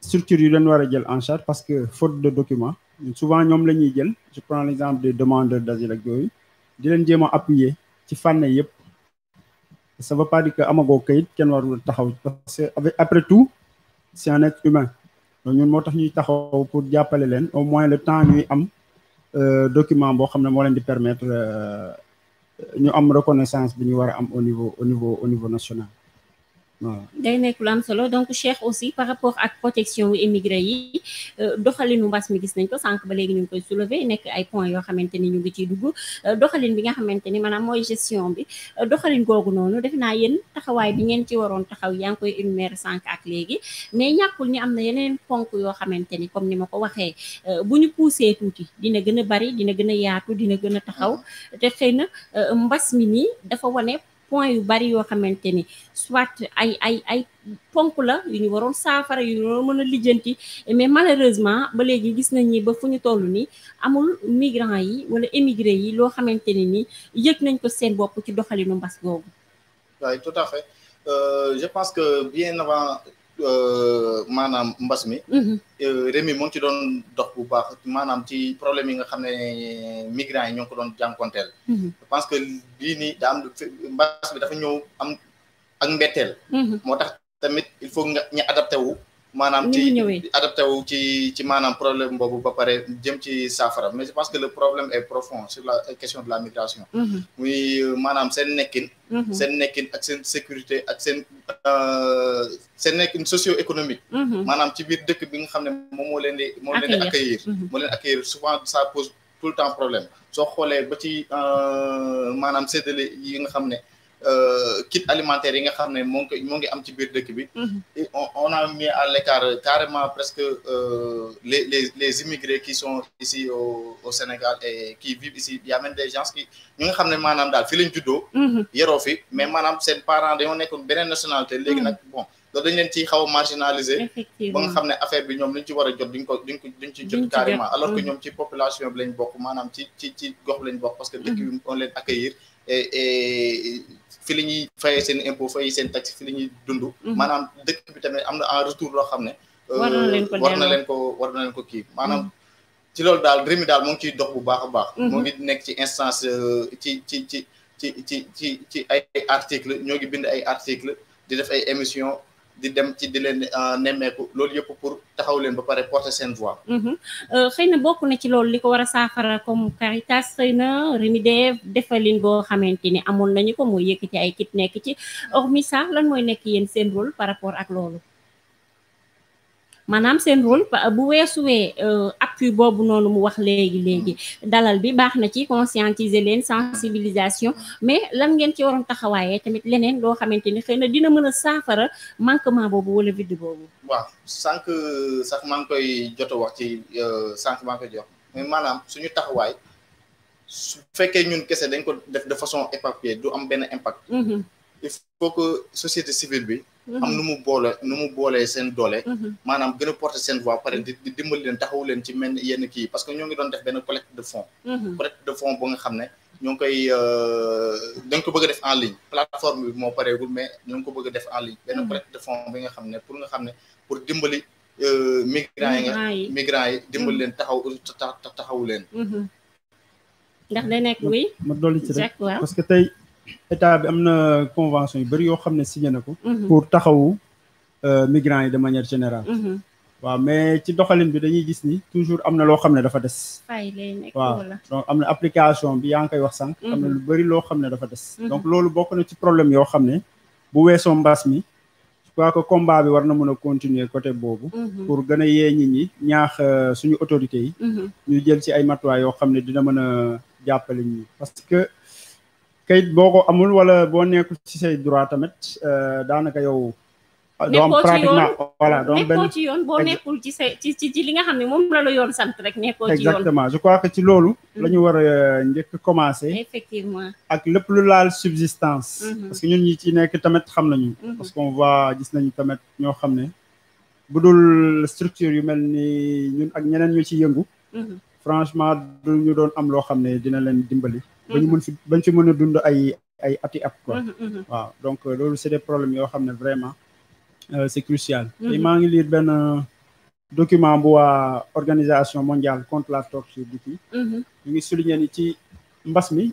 structure yi leen war a jël en charge parce que faute de document souvent ñoom la ñuy jël je prends l'exemple des demandeurs d'asile ak yooyu di leen jéem a appuyer ci fànn yëpp ça veut dire que amagoo kayit kenn warul taxaw parce que avec après tout c'est un être humain donc ñun moo tax ñuy taxaw pour jàppale leen au moins le temps ñuy am euh, document boo xam ne moo leen di permettre euh, ñu am reconnaissance bi ñu war am au niveau au niveau au niveau national day nekk lu am solo donc Cheikh aussi par rapport ak protection immigré yi euh, doxalinu mbas mi gis nañ ko sànq ba léegi ñu koy soulever nekk ay points yoo xamante ni ñu ngi ciy dugg euh, doxalin bi nga xamante ni maanaam mooy gestion bi euh, doxalin googu noonu def naa yéen taxawaay bi ngeen ci waroon taxaw yaa ngi koy énumérer sànq ak léegi mais ñàkkul ni am na yeneen ponk yoo xamante ni comme ni ma ko waxee bu ñu poussé tuuti dina gën a bari dina gën a yaatu dina gën a taxaw te xëy na mbas mi nii dafa wane point yu bari yoo xamante ni soit ay ay ay ponk la yu ñu waroon saafara yu ñu waroon mën a lijjanti mais malheureusement ba léegi gis nañ ni ba fu ñu toll ni amul migrant yi wala émigré yi loo xamante ni ni yëg nañ ko seen bopp ci doxalinu mbas googu. waaye tout à fait euh, je pense que bien avant Euh, maanaam mbas mi. Mhm. Euh, Rewmi mu ngi ci doon dox bu baax maanaam ci problème yi nga xam ne migrants yi ñoo ngi ko doon jànkonteel. Mhm. je que lii nii daa am mbas bi dafa ñëw am ak mbetteel. Mhm. moo tax tamit il faut nga maanaam ci adapté wu ci ci maanaam problème boobu ba pare jëm ci saafara mais je pense que le problème est profond sur la question de la migration mhm. euh, maanaam seen nekkin mhm. seen nekkin ak seen sécurité ak seen euh, seen nekkin socio-économique mhm. maanaam ci biir dëkk bi nga xam ne moom moo leen di moo leen di accueillir souvent ça pose tout le temps problème soo xoolee ba ci euh, maanaam séddale yi nga xam ne Euh, kit alimentaire yi nga xam ne moo ngi moo ngi am ci biir dëkk bi. Mhm. on a mis a l'écart carrément presque euh, les les les immigrés qui sont ici au au Sénégal et qui vivent ici y des gens qui ñu nga xam ne maanaam daal fii lañ juddoo. Mhm. yeroo fi mais maanaam seen parents dañoo nekkoon beneen nationalité. Mhm. léegi nag bon loolu dañ leen ciy xaw a marginaliser. ba nga xam ne affaire bi ñoom li ñu ci war jot duñ ko duñ ko ci jot. carrément alors que ñoom ci population bi lañ bokk maanaam ci ci ci gox lañ bokk. parce que dëkk bi on fi la ñuy fayee seen impôt fayee seen taxe fi la ñuy dund mhm. maanaam dëkk bi tamit am na en retour loo xam ne euh, war na leen ko war na ko kii maanaam ci loolu daal réew mi daal moo ngi ciy dox bu baax a baax mhm. moo ngi nekk ci instance euh, ci ci ci ci ci ci ci ay article ñoo ngi bind ay article di def ay émission di dem ci di leen euh, nemmeeku loolu yëpp pour taxaw leen ba pare porter seen voix. Mhm. Euh, xëy na bokk na ci loolu li ko war a saafara comme Caritas xëy na Remidev defalin boo xamante ni amoon nañu ko mooy ci ay kit nekk ci hormis ça lan mooy nekk yéen seen rôle par rapport ak loolu. maanaam seen rôle bu weesuwee euh, appui boobu noonu mu wax léegi léegi dalal bi baax na ci conscientiser leen sensibilisation mais lan ngeen ci waroon taxawaayee tamit leneen loo xamante ni xëy na dina mën a saafara manquement boobu wala vide boobu. waaw sànq sax maa koy jot a wax ci euh, sànq maa ngi koy jox mais maanaam suñu taxawaay su fekkee ñun kese dañ ko def de façon éparpillée du am benn impact. Mm-hmm. il faut que société civile bi. am nu mu boole nu mu boolee seen doole mhm. maanaam gën a porter seen voix pare di dimbali leen taxawu leen ci mel yenn kii parce que ñoo ngi doon def benn collecte de fonds mhm. collecte de fonds bo nga xam ne ñoo euh, mais ñoo ngi ko bëgg a mhm. nga xam ne pour nga xam ne pour dimbali euh, migrants yi nga migrants yi dimbali leen taxaw taxawu leen ndax day nekk oui parce que tey état bi am na convention yu bëri yoo xam ne signé na ko. Mhm. pour taxawu euh, migrants yi de manière générale. Mhm. waaw mais ci doxalin bi dañuy gis ni toujours am na loo xam ne dafa des. waaw donc am na application bi yaa ngi koy wax sànq. Mhm. am na lu bëri loo xam ne dafa des. donc loolu bokk na ci problème yoo xam ne bu weesoo mbaas mi. je crois que combat bi war na mën a continuer côté boobu. pour gën a yee nit ñi ñaax euh, suñu autorités yi. ñu jël ci ay matuwaay yoo xam ne dina mën a jàppale kayit boo ko amul wala boo nekku ci say droit tamit euh, daanaka yow. Euh, doom pratiquement voilà donc benn nekkoo ci yoon boo nekkul ci sa ci li nga xam ne moom la la yoon sant rek nekkoo ci yoon je crois que ci loolu mm. la ñu war a euh, njëkk commencer effectivement ak lépp lu laal subsistance mm-hmm. parce que ñun ñi ci nekk tamit xam nañu mm-hmm. parce qu'on voit gis nañu tamit ñoo xam ne bu dul structure yu mel ni ñun ak ñeneen ñu ci yëngu mm-hmm. franchement du ñu doon am loo xam ne dina leen dimbali ba ñu si bañ si mën a dund ay ay ati at quoi waaw donc euh, loolu c'est des problèmes yoo xam ne vraiment euh, c'est crucial maa ngi liir benn euh, document bu waa organisation mondiale contre la torture du kii ñu ngi souligner ni ci mbas mi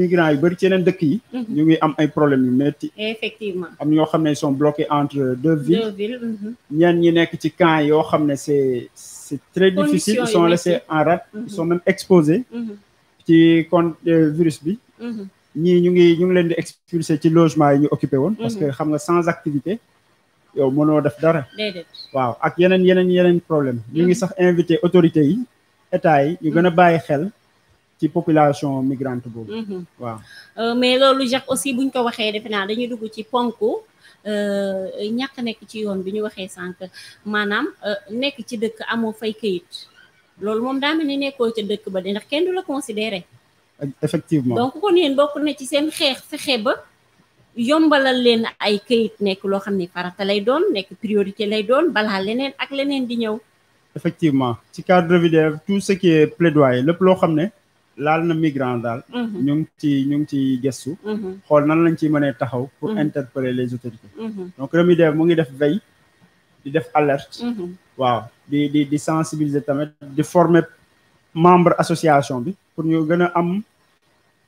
migrants yu bëri ci yeneen dëkk yi ñu ngi am ay problèmes yu metti effectivement am ñoo xam ne son sont bloqués entre deux villes ñenn ñi nekk ci camp yoo xam ne c'est c'est très difficile ils sont laissés en rade ils sont même ci con euh, virus bi mhm. ñii ñu ngi ñu ngi leen di expulsé ci logement yi ñu occupé woon parce que mhm. xam nga sans activité yow mënoo def dara waaw ak yeneen yeneen yeneen problème ñu ngi mhm. sax invité autorité yi état yi ñu gën a bàyyi xel ci population migrante boobu waaw euh, mais loolu Jacques aussi buñ ko waxee defe naa dañuy dugg ci ponk euh, ñàkk nekk ci yoon bi ñu waxee sànq maanaam nekk ci dëkk amoo fay këyit loolu moom daa mel ni nekkoo ca dëkk ba de ndax kenn du la considéré. effectivement donc kon yéen bokk na ci seen xeex fexe ba yombalal leen ay kayit nekk loo xam ne farata lay doon nekk priorité lay doon balaa leneen ak leneen di ñëw. effectivement ci cadre bi tout ce qui est plaidoyer lépp loo xam ne laal na migrant daal. Mhm. ñu ci ñu ngi ciy gëstu. Mhm. xool nan lañ ciy mënee taxaw. pour mhm. interpeller les autorités. donc Remidev mu ngi def veille. di def alerte mhm. waaw di di di sensibiliser tamit di former membre association bi pour ñu gën a am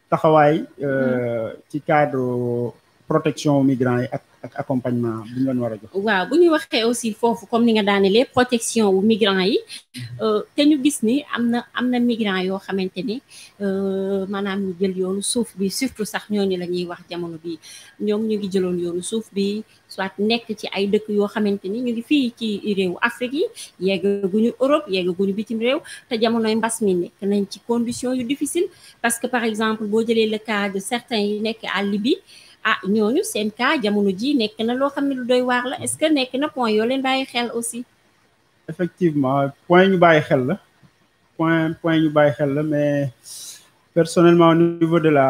taxawaay euh, mhm. ci cadre protection migrants yi ak ak accompagnement bu ñu leen war a jox. waaw bu ñu waxee aussi foofu comme ni nga daanelee protection wu migrants yi mm-hmm. euh, te ñu gis ni am na am na migrants yoo xamante ni euh, maanaam ñu jël yoonu suuf bi surtout sax ñooñu la ñuy wax jamono bi ñoom ñu ngi jëloon yoonu suuf bi soit nekk ci ay dëkk yoo xamante ni ñu ngi fii ci réewu Afrique yi yeggaguñu Europe yeggaguñu bitim réew te jamonoy mbas mi nekk nañ ci conditions yu difficile parce que par exemple boo jëlee le cas de yi nekk à Libye. ah ñooñu seen cas jamono ji nekk na loo xam ne lu doy waar la est-ce que nekk na point yoo leen bàyyi xel aussi effectivement point ñu bàyyi xel la point point ñu bàyyi xel la mais personnellement au niveau de la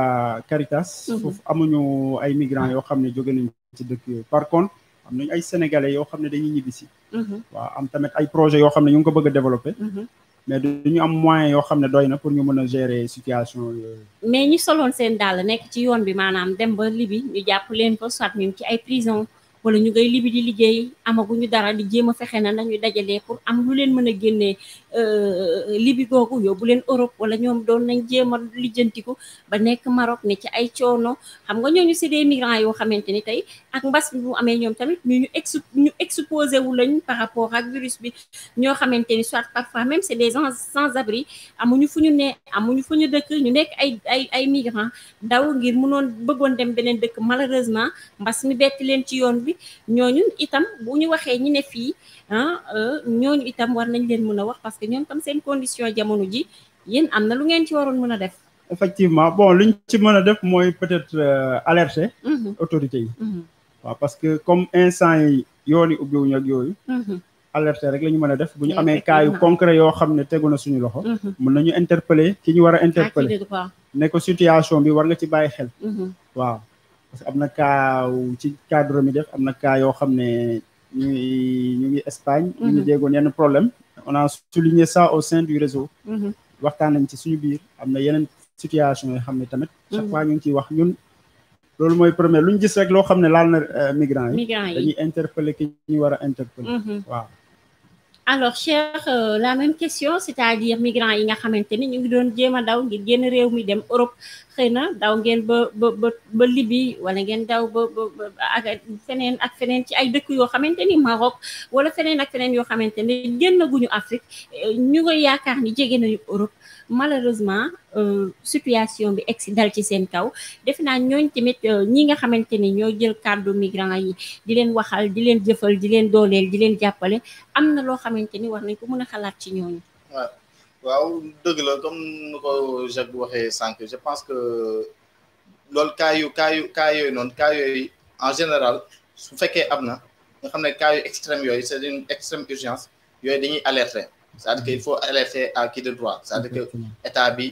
Caritas mhm. foofu amuñu ay migrants yoo xam ne jóge nañ ci dëkk yooyu par contre am nañu ay sénégalais yoo xam ne dañuy ñibbisi mhm. waaw am tamit ay projet yoo xam ne ñu ngi ko bëgg développé mhm. mais du duñu am moyen yoo xam ne doy na pour ñu mën a gérer situation yooyu. mais ñi soloon seen dàll nekk ci yoon bi maanaam dem ba Libi ñu jàpp leen ko soit ñu ci ay prison wala ñu ngay libi di liggéey amaguñu dara di jéem fexe na nañuy dajalee pour am lu leen mën a génnee euh, libi googu yóbbu leen Europe wala ñoom doon nañ jéem a lijjantiku ba nekk Maroc ne ci ay coono xam nga ñooñu c'est des migrants yoo xamante ni tey ak mbas mi bu amee ñoom tamit ñu ñu ex ñu exposé wu lañ par rapport ak virus bi ñoo xamante ni soit parfois même c'est des gens sans abri amuñu fu ñu ne amuñu fu ñu dëkk ñu nekk ay ay ay migrants ngir munoon bëggoon dem beneen dëkk malheureusement mbas bi ñooñu itam bu ñu waxee ñi ne fii ah euh, ñooñu itam war nañ leen mën a wax parce que ñoom tam seen condition jamono ji yéen am na lu ngeen ci waroon mën a def. effectivement bon liñ ci mën a def mooy peut-être euh, alerter. Mhm. autorités yi. Mhm. waaw parce que comme instant yi yoon yi ubbiwuñu ak yooyu. Mhm. alerter rek la ñu mën a def bu ñu amee cas yu concret yoo xam ne tegu suñu loxo. mën nañu interpeller ki ñu war a interpeller ne ko situation bi war nga ci bàyyi xel. waaw. parce que am na cas ci cadre mi def am na cas yoo xam ne ñu ngi ñu i Espagne. Mm-hmm. ñu ngi jéegoon yenn problème. on a souligné ça au sein du réseau. Mm-hmm. waxtaan nañ ci suñu biir am na yeneen situation yoo xam ne tamit. Mm-hmm. chaque fois ñu ngi ciy wax ñun. loolu mooy premier lu ñu gis rek loo xam ne laal na euh, migrants yi. dañuy interpeller ki ñu war a interpeller. waaw. alors Cheikh euh, la même question c'est-à-dire migrants yi nga xamante ni ñu ngi doon jéem a daw ngir génn réew mi dem Europe xëy na daw ngeen ba ba ba ba wala ngeen daw ba ba ak feneen ak feneen ci ay dëkk yoo xamante ni Maroc wala feneen ak feneen yoo xamante ni génnaguñu Afrique ñu ngi yaakaar ni jege nañu Europe malheureusement euh, situation bi ex egsi dal ci seen kaw defe naa ñooñ tamit euh, ñi nga xamante ni ñoo jël kàddu migrant yi di leen waxal di leen jëfal di leen dooleel di leen jàppale am na loo xamante ni war nañ ko mën a xalaat ci ñooñu. waaw dëgg la comme nu ko Jacques bu waxee sànq je pense que loolu cas yu cas yu cas yooyu noonu cas yooyu en général su fekkee am na nga xam ne cas yu extrême yooyu c'est une extrême urgence yooyu dañuy alerter c'est-à-dire que il faut alerter à qui de droit c'est-à-dire que état bi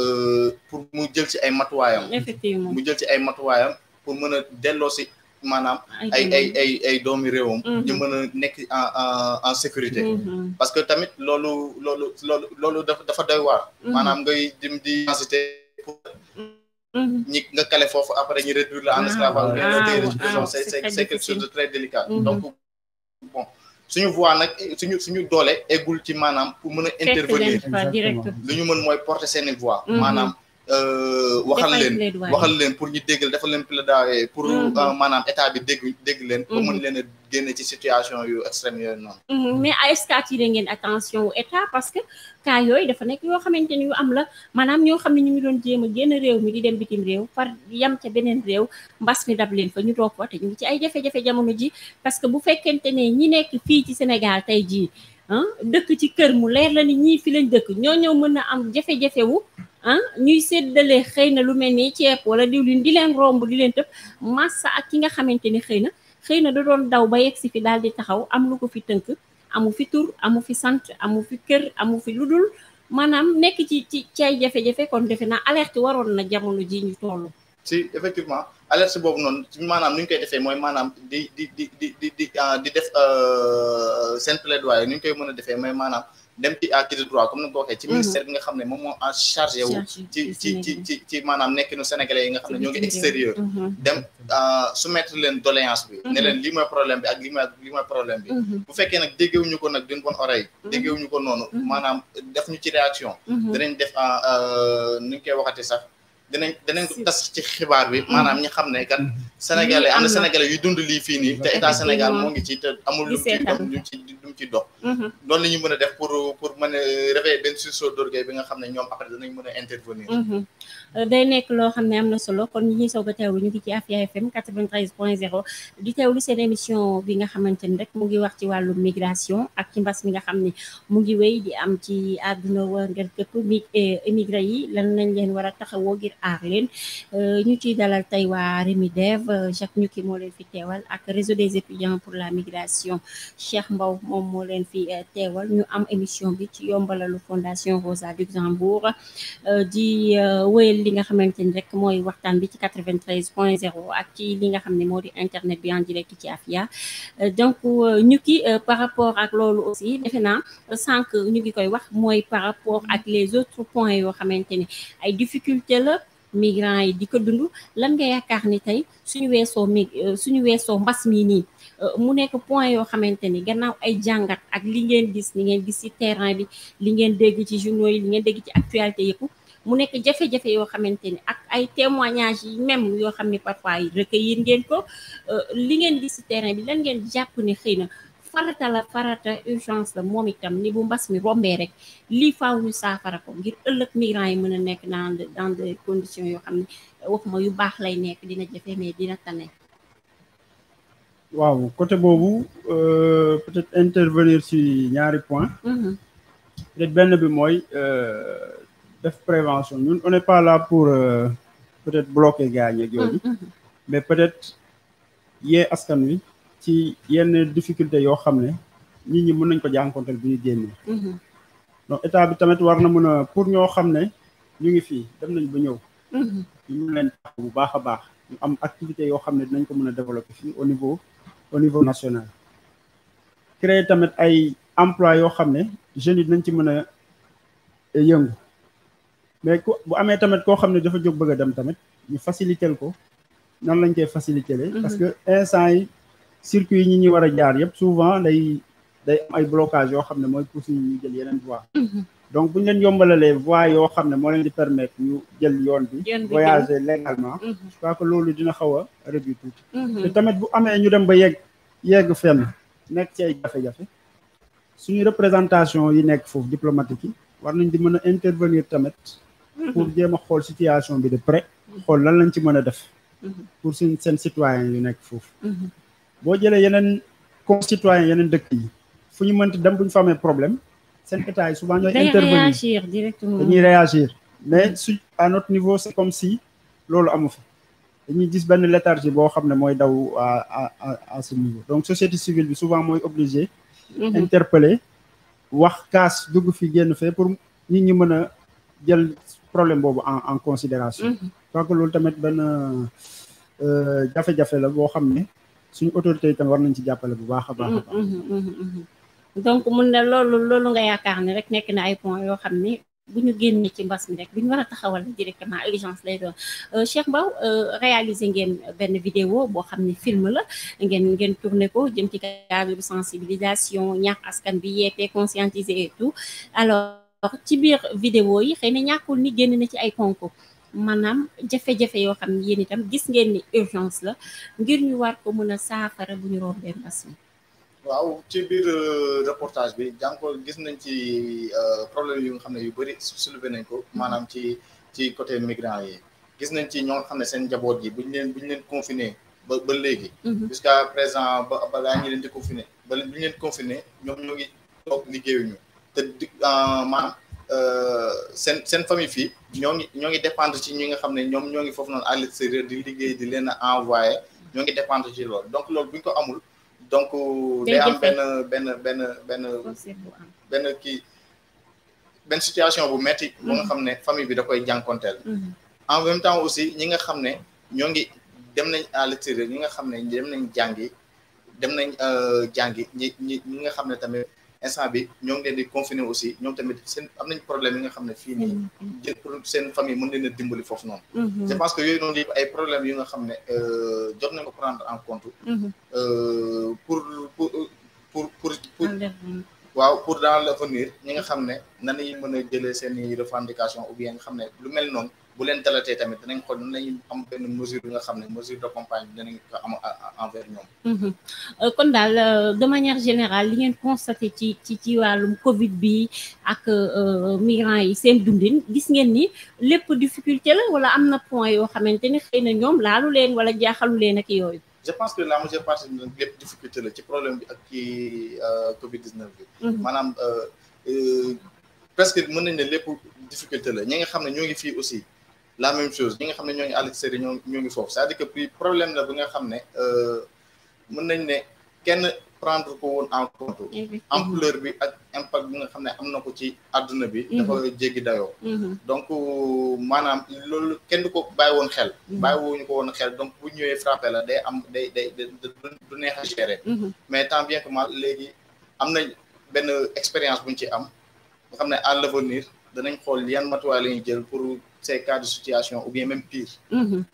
euh, pour mu jël ci ay matuwaayam effectivement mu jël ci ay matuwaayam pour mën a delloo si maanaam ay ay ay ay doomi réewam mhm. ñu mën a nekk en en sécurité mhm. parce que tamit loolu loolu loolu loolu dafa dafa doy waar mhm. maanaam ngay dim di densité pour ñi nga kale foofu après ñu réduire la en ah, esclavage ah, ah, c'est c'est quelque très délicat donc bon suñu voix nag suñu suñu doole eggul ci maanaam pour mën a intervenir lu ñu mën mooy porter seeni voix maanaam Euh, waxal leen waxal leen pour ñu dégg defal leen plaidoyer pour mm-hmm. euh, maanaam état bi dégg leen pour mm-hmm. mën leen a génne ci situation yu extrême yooyu noonu mm-hmm. mais est-ce que attiré ngeen attention wu état parce que cas yooyu dafa nekk yoo xamante ni yu am la maanaam ñoo xam ne ñu ngi doon jéema génn réew mi di dem bitim réew par yam ca beneen réew mbas mi dab leen fa ñu toog fa te ñu ngi ci ay jafe-jafe jamono ji parce que bu fekkente ne ñi nekk fii ci Sénégal tey jii ah, dëkk ci kër mu leer la ni ñii fi lañ dëkk ñoo ñëw mën a am jafe ah ñuy séddale xëy na lu mel ni ceeb wala diwlin di leen romb di leen tëb massa ak ki nga xamante ni xëy na xëy na da doon daw ba yegg si fi daal di taxaw am lu ko fi tënk amu fi tur amu fi sant amu fi kër amu fi lu dul maanaam nekk ci ci ci ay jafe-jafe kon defe naa alerte waroon na jamono ji ñu toll. si effectivement alerte boobu noonu maanaam ni koy defee mooy maanaam di di di di di di def seen plaidoyer ni ñu koy mën a defee mooy maanaam. dem ci à titre droit comme ni nga ko waxee ci mhm. ministère bi nga xam ne moom moo en chargé wu ci ci ci ci ci maanaam nekkinu sénégalais yi nga xam ne ñoo ngi extérieur mhm. dem su euh, soumettre leen doléance bi ne mhm. leen lii mooy problème bi ak lii mooy lii mooy problème bi bu fekkee nag déggewuñu ko nag d'une bonne oreille déggewuñu ko noonu maanaam def ñu ci réaction dinañ def euh, euh, ni ñu koy waxatee sax dinañ dinañ ko tas ci xibaar bi maanaam ñi xam ne kat sénégalais am na sénégalais yu dund lii fii nii te état Sénégal moo ngi ci te amul lu ci ci dox loolu mhm. la ñu a def pour pour mën a benn sursaut d'orgueil bi nga xam ne ñoom après danañ mën a intervenir mhm. Euh, day nekk loo xam ne am na solo kon ñi ñuy soog a ñu ngi ci Afia FM 93 point 0 di teewlu seen émission bi nga xamante ni rek mu ngi wax ci wàllu migration ak ci mbas mi nga xam ne mu ngi wéy di am ci àdduna wërngël këpp mi eh, émigré yi lan lañ leen war a taxawoo ngir aar leen euh, ñu ciy dalal tey waa Remidev euh, Jacques Ñuki moo leen fi teewal ak réseau des étudiants pour la migration Cheikh Mbow moom moo leen fi teewal ñu am émission bi ci yombalalu fondation Rosa Luxembourg di li nga xamante ni rek mooy waxtaan bi ci 93 point 0 ak ci li nga xam ne moo di internet bi en direct ci Afia euh, donc euh, ñu ki euh, par rapport ak loolu aussi defe naa sànq ñu ngi koy wax mooy par rapport ak les autres points yoo xamante ni ay difficultés la migrants yi di ko dund lan nga yaakaar ni tey suñu weesoo mi suñu weesoo mbas mii nii mu nekk point yoo xamante ni gannaaw ay jàngat ak li ngeen gis li ngeen gis ci terrain bi li ngeen dégg ci journaux yi li dégg ci actualité yëpp mu nekk jafe-jafe yoo xamante ni ak ay témoignages yi même yoo xam ne parfois recueillir ngeen ko euh, li ngeen di si terrain bi lan ngeen jàpp ni xëy na farata la farata urgence la moom itam ni bu mbas mi rombee rek lii faaw ñu saafara ko ngir ëllëg migrants yi mën a nekk dans dans des yoo xam ne waxuma yu baax lay nekk dina jafe mais dina tane. waaw côté boobu euh, peut-être intervenir ci ñaari point mm-hmm. peut benn bi mooy. Euh, def prévention ñu on n'est pas pour euh, peut-être bloquer gars ñeeg yooyu mm, mm, mm. mais peut-être yee askan wi ci yenn difficulté yoo xam ne ñi ñi mën nañ ko jànkonteel bi ñu génnee mm-hmm. donc état bi tamit war na mën a pour ñoo xam ne ñu ngi fii dem nañ bu ñëw mm-hmm. ñu mën leen tax bu baax a baax ñu am activité yoo xam ne dinañ ko mën a développer fii au niveau au niveau national créer tamit ay emploi yoo xam ne jeunes yi dinañ ci mën a yëngu mais ku bu amee tamit koo xam ne dafa jóg bëgg a dem tamit ñu faciliter ko nan lañ koy faciliter. Mhm. parce que instant yi circuit yi ñi ñuy war a jaar yëpp souvent day day am ay blocage yoo xam ne mooy pousse ñu jël yeneen voie mhm. donc bu ñu leen yombalalee voie yoo xam ne moo leen di permettre ñu jël yoon bi voyager légalement mhm. je crois que loolu dina xaw a réduire tuuti tamit bu amee ñu dem ba yegg yegg fenn nekk ci ay jafe-jafe suñu représentation yi nekk foofu diplomatique yi war nañ di mën a intervenir tamit pour jéem a xool situation bi de près xool lan lañ ci mën a def pour suñ seen citoyen yu nekk foofu boo jëlee yeneen concitoyen yeneen dëkk yi fu ñu mënti dem bu ñu fa amee problème seen état yi souvent ñooy intervenir dañuy réagir mais su à notre niveau c'est comme si loolu amu fa dañuy gis benn léthargie boo xam ne mooy daw à à ce niveau donc société civile bi souvent mooy obligé mhm. interpeller wax kaas dugg fi génn fee pour nit ñi mën a jël problème boobu en en considération mhm. donc loolu tamit benn euh, jafe-jafe la boo xam ne suñu autorité yi tam war nañ ci jàppale bu baax a baax a mhm, baax mhm, donc mun na loolu loolu nga yaakaar ne rek nekk na ay pon yoo xam ne bu ñu génnee ci mbas mi rek bu ñu war a taxawal directement urgence lay doon euh, Cheikh Mbaw euh, réalisé ngeen benn vidéo boo xam ne film la ngeen ngeen tourné ko jëm ci cadre de sensibilisation ñaax askan bi yeete conscientiser et ci biir vidéo yi xëy na ñàkkul ni génn na ci ay concours maanaam jafe-jafe yoo xam ne yéen itam gis ngeen ni urgence la ngir ñu war ko mën a saafara bu ñu rombee mbas mi waaw ci biir euh, reportage bi jànko gis nañ ci euh, problème yu nga xam ne yu bëri soulevé nañ ko mhm. maanaam ci ci côté migrant yi gis nañ ci ñoo xam ne seen njaboot yi buñu leen bu ñu leen confiné ba ba léegi mhm. jusqu'à présent ba balaa ñu leen di confiné ba bu ñu leen confiné ñoom ñoo ngi toog liggéeyuñu te di ah, maanaam euh, seen seen famille fii ñoo ngi ñoo ngi dépendre ci ñi nga xam ne ñoom ñoo ngi foofu noonu à l'extérieur di liggéey di leen a envoyé ñoo ngi dépendre ci loolu donc loolu bu ñu ko amul donc euh, day am benn benn benn benn benn kii benn situation bu metti mu nga mm-hmm. xam ne famille bi da koy jànkonteel mm-hmm. en même temps aussi ñi nga xam ne ñoo ngi dem nañ à l'extérieur ñi nga xam ne dem nañ jàngi dem nañ euh, jàngi ñi ñi ñi nga xam ne tamit instant bi ñoo ngi leen di confiné aussi ñoom tamit seen am nañ problème yi nga xam ne fii ni mm-hmm. jël pour seen famille mën leen a dimbali foofu noonu mm-hmm. je pense que yooyu noonu yëpp ay problème yu nga xam ne euh, jot nañ ko prendre en compte mm-hmm. euh, pour pour pour pour pour waaw pour dans l' avenir ñi nga xam ne nanuy mën a jëlee seen i revendication ou bien nga xam ne lu mel noonu bu leen dalatee tamit danañ ko dinañ am xam ne mesure d'accompagnement danañ ko am envers ñoom. Mhm. Euh, kon daal euh, de manière générale li ngeen constaté ci ci ci wàllum Covid bi ak euh, migrants yi seen dundin gis ngeen ni lépp difficulté la wala am na point yoo xamante ni xëy na ñoom laalu leen wala jaaxalu leen ak yooyu. je pense que la majeure partie lépp difficulté la ci problème bi ak ci Covid 19 bi. Mhm. maanaam presque mën nañ ne lépp difficulté la ñi nga xam ne ñoo fii aussi. la même chose nga xam ne ñoo ngi à l'extérieur ñoo ñoo ngi foofu c'est-à-dire que puis problème la bi nga xam ne euh, mën nañ ne kenn prendre ko woon en compte ampleur bi ak impact bi nga xam ne am na ko ci àdduna bi mhm. dafa jéggi dayo mhm. donc euh, maanaam loolu kenn du ko bàyyi woon xel mhm. bàyyi ko woon xel donc bu ñëwee frappé la day am day day du neex a gérer mais tant bien que léegi am nañ benn expérience buñ ci am nga xam ne à l'avenir danañ xool yan matuwaay la ñuy jël pour ces cas de situation ou bien mhm.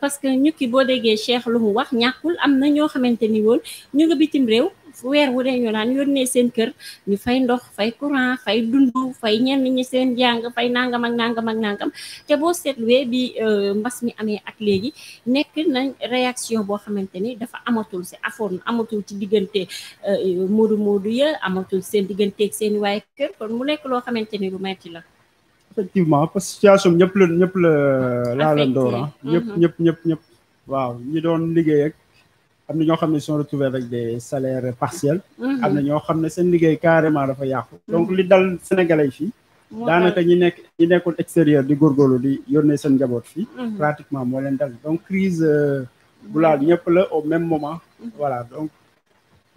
parce que ñu ki boo déggee Cheikh lu mu wax ñàkkul am na ñoo xamante ni woon ñu nga bitim réew weer wu dee ñu naan yónnee seen kër ñu fay ndox fay courant fay dund fay ñenn ñi seen jàng fay nangam ak nangam ak nangam te boo seetluwee bi euh, mbas mi amee ak léegi nekk nañ réaction boo xamante ni dafa amatul si afoon amatul ci diggante euh, moodu moodu ya amatul seen digganteek seen waaye kër kon mu nekk loo xamante ni lu metti la. effectivement parce que situation ñëpp la ñëpp la euh, laa leen ah. ñëpp mhm. ñëpp ñëpp ñëpp waaw ñi doon liggéey am na ñoo xam ne sont retrouvés avec de salaires partiels mhm. am na ñoo xam ne seen liggéey carrément dafa yàqu mhm. donc li dal sénégalais yi daanaka ñi nekk ñi nekkul extérieur di góorgóorlu di yónnee seen njaboot fii pratiquement moo leen dal donc crise euh, bu laal ñëpp la au même moment voilà donc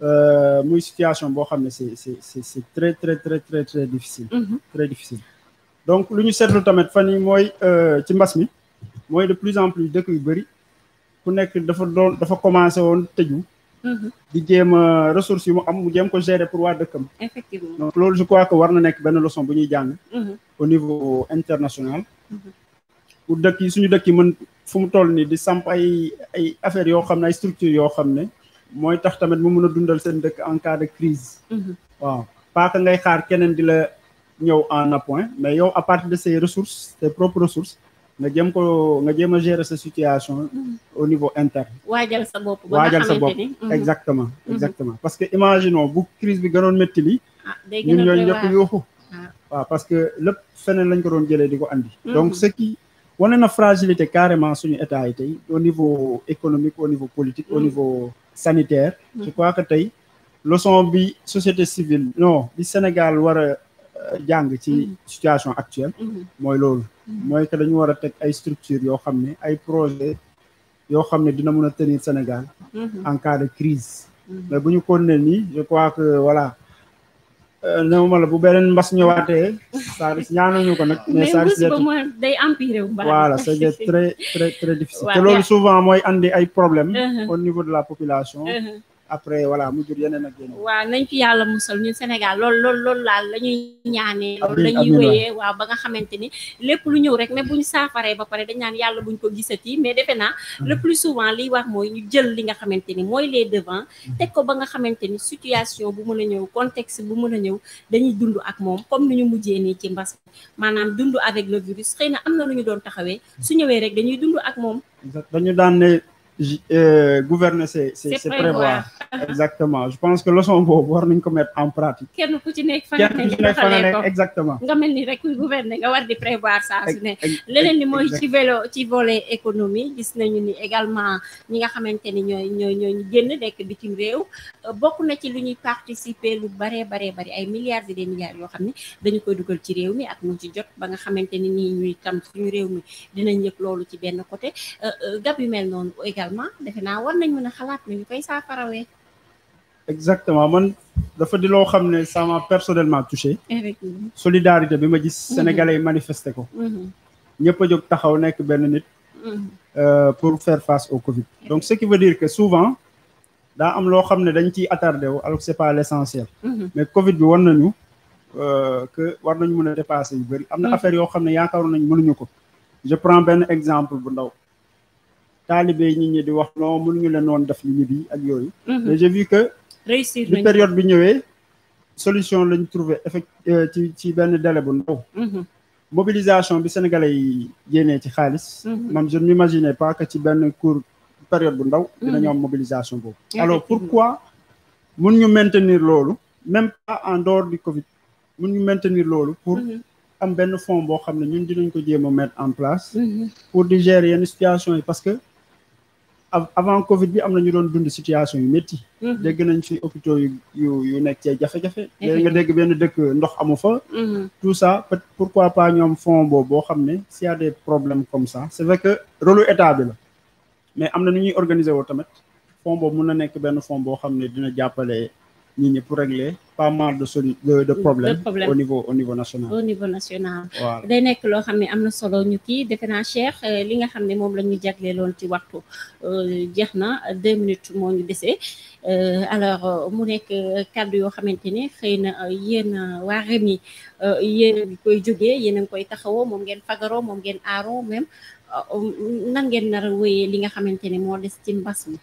euh, muy situation boo xam ne c'est c'est c'est très très très très très difficile très difficile donc lu ñu seetlu tamit fan yi mooy euh, ci mbas mi mooy de plus en plus dëkk yu bëri ku nekk dafa doon dafa commencé woon tëju mhm. di jéem a ressources yu mu am mu jéem ko gérer pour waa dëkkam effectivement loolu je crois que war na nekk benn leçon bu ñuy jàng mhm. au niveau international pour mhm. dëkk yi suñu dëkk yi mën fu mu toll nii di samp ay ay affaires yoo xam ne ay structures yoo xam ne mooy tax tamit mu mën a dundal seen dëkk en cas de crise paaka ngay xaar keneen di la ñëw en appoint mais yow à partir de ses ressources ses propres ressources nga jëm ko nga jéem a gérer sa situation mm-hmm. au niveau interne waajal sa bopp sa bopp mm-hmm. exactement mm-hmm. exactement parce que imaginons bu crise bi gënoon métti li ñu ah, ñun ñooñu ñëpp yuuxu ah. waaw parce que lépp feneen lañ ko doon jëlee di ko andi donc ce qui wane na fragilité carrément suñu état yi tey au niveau économique au niveau politique au niveau sanitaire je crois que tey leçon bi société civile non jàng ci mhm. situation actuelle mhm. mooy loolu mhm. mooy que dañu war a teg ay structure yoo xam ne ay projet yoo xam ne dina mun a tenir Sénégal en cas de crise mais bu ñu continuer nii je crois que voilà euh, ne ma la bu bereen mbas ñëwaatee ça risque ñaanuñu ko nag mais ça risque day empiré wu voilà c' est très très très difficile te loolu souvent mooy andi ay problèmes uh-huh. au niveau de la population uh-huh. après voilà mu jur yeneen ak yeneen. waaw nañ fi yàlla musal ñun Sénégal lool lool lool laal la ñuy ñaanee. loolu la ñuy waaw ba nga xamante ni lépp lu ñëw rek mais bu ñu saafaree ba pare dañ naan yàlla buñ ko gisati mais defe naa. le plus souvent liy mooy ñu jël li nga xamante ni mooy les devants. teg ko ba nga xamante ni situation bu mën a ñëw contexte bu mën a ñëw dañuy dund ak moom comme ni ñu mujjee nii ci mbas maanaam dund avec le virus xëy na am na lu ñu doon taxawee su ñëwee rek dañuy dund ak moom. dañu daan ne euh, gouverner c'est c'est prévoir exactement je pense que leçon boobu war nañ ko mettre en pratique kenn ku ci nekk fa nga nekk exactement nga mel ni rek kuy gouverner nga war di prévoir saa su ne leneen li mooy ci volet économie gis nañu ni également ñi nga xamante ni ñooy ñooy ñooy ñu génn nekk bitim réew euh, bokk na ci lu ñuy participer lu baree baree bari ay milliards et des milliards yoo xam ni dañu koy dugal ci réew mi ak mu ci jot ba nga xamante ni nii ñuy tam suñu réew mi dinañ yëg loolu benn côté euh, euh, également defe naa war nañ mën a xalaat ne ñu koy saafarawee exactement man dafa di loo xam ne ça m'a personnellement touché solidarité bi ma gis mhm. sénégalais yi manifesté ko mhm. ñëpp a jóg taxaw nekk benn nit mhm. euh, pour faire face au Covid donc ce qui veut dire que souvent daa am loo xam ne dañ ci attardé wu alors que c'est pas l'essentiel mais Covid bi war nañu euh, que war nañu mën a dépasser yu bëri am na affaire yoo xam ne yaakaaroon nañ mënuñu ko je prends benn exemple bu ndaw taalibe yi nit ñi di wax non mënuñu leen noonu def nit ñi bi ak yooyu. Mhm. mais bi période bi ñëwee. solution lañ trouvé effect euh, ci ci benn délai bu ndaw. Mhm. mobilisation bi sénégalais yi génnee ci xaalis. Mhm. man je n'imaginais pas que ci benn court période bu ndaw. dinañu am mobilisation boobu. alors pourquoi mun ñu maintenir loolu. même pas en dehors du Covid mun ñu maintenir loolu pour. am benn fonds boo xam ne ñu ñun dinañ ko jéem a mettre en place. pour di gérer yenn situation yi parce que. avant Covid bi am na ñu doon dund situation yu métti. Mhm. dégg nañ fi hôpitaux yu yu nekk ci jafe-jafe. nga dégg benn dëkk ndox amu fa. Mhm. tout ça peut pourquoi pas ñoom fond boo xam ne s'il y a des problèmes comme ça c'est vrai que rôle état bi la mais am na nu ñuy organiser woo tamit fond boobu mun na nekk benn fond boo xam ne dina jàppale. nit ñi pour régler pas mal de solu de problème au niveau au niveau national. au niveau national. day nekk loo xam ne am na solo ñu kii defe naa Cheikh euh, li nga xam ne moom la ñu jagleeloon ci waxtu euh, jeex na deux minutes moo ñu desee euh, alors mu nekk kàddu yoo xamante ne xëy na yéen waa Rewmi yéen a koy jógee yéen a ngi koy taxawoo moom ngeen fagaroo moom ngeen aaroo même nan ngeen nar a li nga xamante ne moo des ci mbas mi.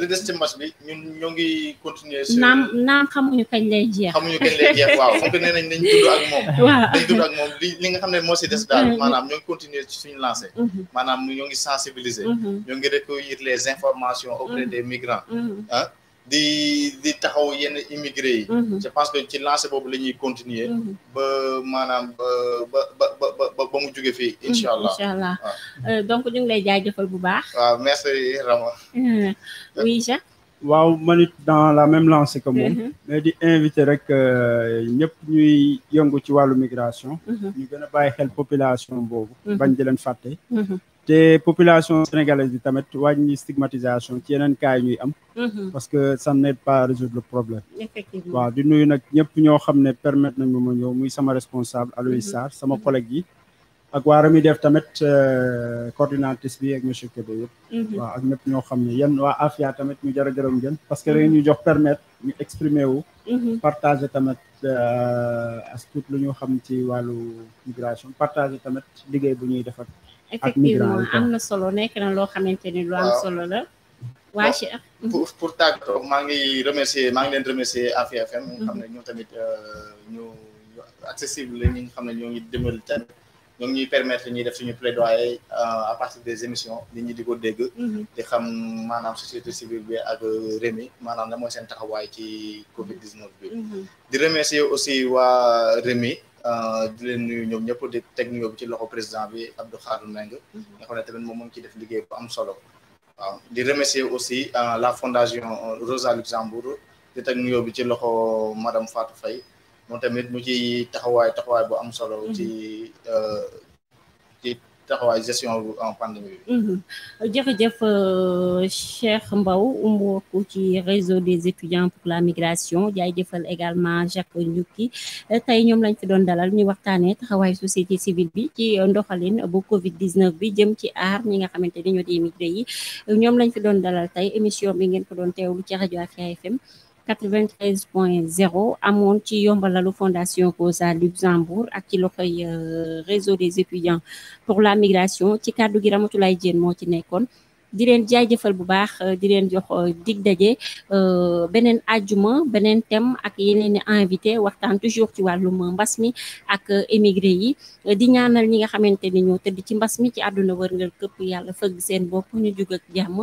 li des ci match bi ñun ñoo ngi continuer. naam naan xamuñu kañ lay jeex. xamuñu kañ lay jeex waaw xam nga nee nañ nañ dund ak moom. waaw nañ ak moom li li nga xam ne moo si des daal mm-hmm. maanaam ñoo ngi continuer ci suñu lancé. Mm-hmm. maanaam ñoo ngi sensibiliser. Mm-hmm. ñoo ngi recueillir les informations auprès des migrants. di taxaw yenn immigré yi mhm. je pense que ci lancé boobu la ñuy continuer mhm. ba maanaam ba ba ba ba ba mu jóge fii mhm, incha allah incha euh, donc ñu ngi lay jaajëfal bu baax waaw merci Rama euh, oui Jean waaw man dans la même lancé que moom mais di invité rek euh, ñëpp ñuy yëngu ci wàllu migration ñu gën a bàyyi xel population boobu bañ di fàtte te population sénégalaise bi tamit wàññi stigmatisation ci yeneen cas ñuy am. Mhm. parce que ça n'aide pas résoudre le problème. waaw du nuyu nag ñëpp ñoo xam ne permettre nañu ma ñëw muy sama responsable Aloïs mhm. Sarr sama collègue yi. ak waa Remi Def tamit euh, coordinatrice bi ak monsieur Kébé yëpp. Mhm. waaw ak ñëpp ñoo xam ne yéen waa AFIA tamit ñu jar a gërëm ngeen parce que dañu ñu jox permettre ñu exprimer wu. partager tamit euh, as tuut lu ñu xam ci wàllu migration partager tamit liggéey bu ñuy defar. effectivement am na solo nekk na loo xamante ni lu am solo la. waa Cheikh pour pour tàggatoo maa ngi remercier maa ngi leen remercier Afia FM. nga xam ne mhm. euh, ñoo tamit ñu accessible la ñi nga xam ne ñoo ngi dimbali tamit ñoo ngi ñuy permettre ñuy def suñu plaidoyer euh, à partir des émissions nit ñi di ko dégg. Mhm. di xam maanaam société civile bi ak Rewmi maanaam la mooy seen taxawaay ci Covid 19 bi. Mhm. di remercier aussi waa Rewmi. Euh, di leen nuyu ñoom ñëpp di teg nuyoo bi ci loxo président bi Abdou Khadre Mbengue mhm. nga xam ne tamit moom mu ngi ciy def liggéey bu am solo waaw di remercier aussi euh, la fondation euh, Rosa Luxembourg di teg bi ci loxo madame fato Faye moom tamit mu ci taxawaay taxawaay bu am solo mhm. ci ci taxawaay gestion en pandémie bi mhm. jërëjëf mbaw euh, Mbow mbokk ci réseau des étudiants pour la migration jëfal également Jacques Ndiouki euh, tey ñoom lañ fi doon dalal ñu waxtaanee taxawaay société civile bi ci ndoxalin bu Covid 19 bi jëm ci aar ñi nga xamante ni ñoo di yi euh, ñoom lañ fi doon dalal tey émission bi ngeen ko doon teewlu ci rajo Afia FM. 93 point 0 amoon ci yombalalu fondation Rosa Luxembourg ak ci loxoy euh, réseau des étudiants pour la migration ci kàddu gi Ramatoulaye Diène moo ci nekkoon di leen jaajëfal bu baax euh, di leen jox euh, dig daje euh, beneen àjjuma beneen thème ak yeneen i invité waxtaan toujours ci wàllum mbas mi ak émigré yi di ñaanal ñi nga xamante ni ñoo tëdd ci mbas mi ci àdduna wërngal këpp yàlla fëgg seen bopp ñu jug ak jàmm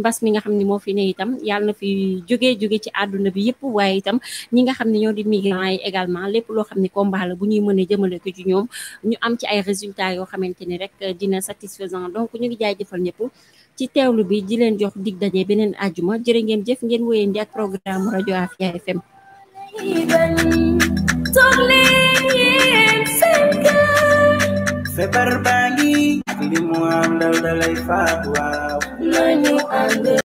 mbas mi nga xam ni moo fi ne itam yàlla na fi jógee jóge ci àdduna bi yëpp waaye itam ñi nga xam ne ñoo di migrants yi également lépp loo xam ni combat la bu ñuy mënee a jëmale ko ci ñoom ñu am ci ay résultats yoo xamante ni rek dina satisfaisant donc ñu ngi jaajëfal ñëpp ci teewlu bi ji leen jox dig daje beneen àjjuma jërë ngeen jëf ngeen wéyandi ak programme rajo Afia FM. feebar baa ngi ak li mu àndal dalay faat waaw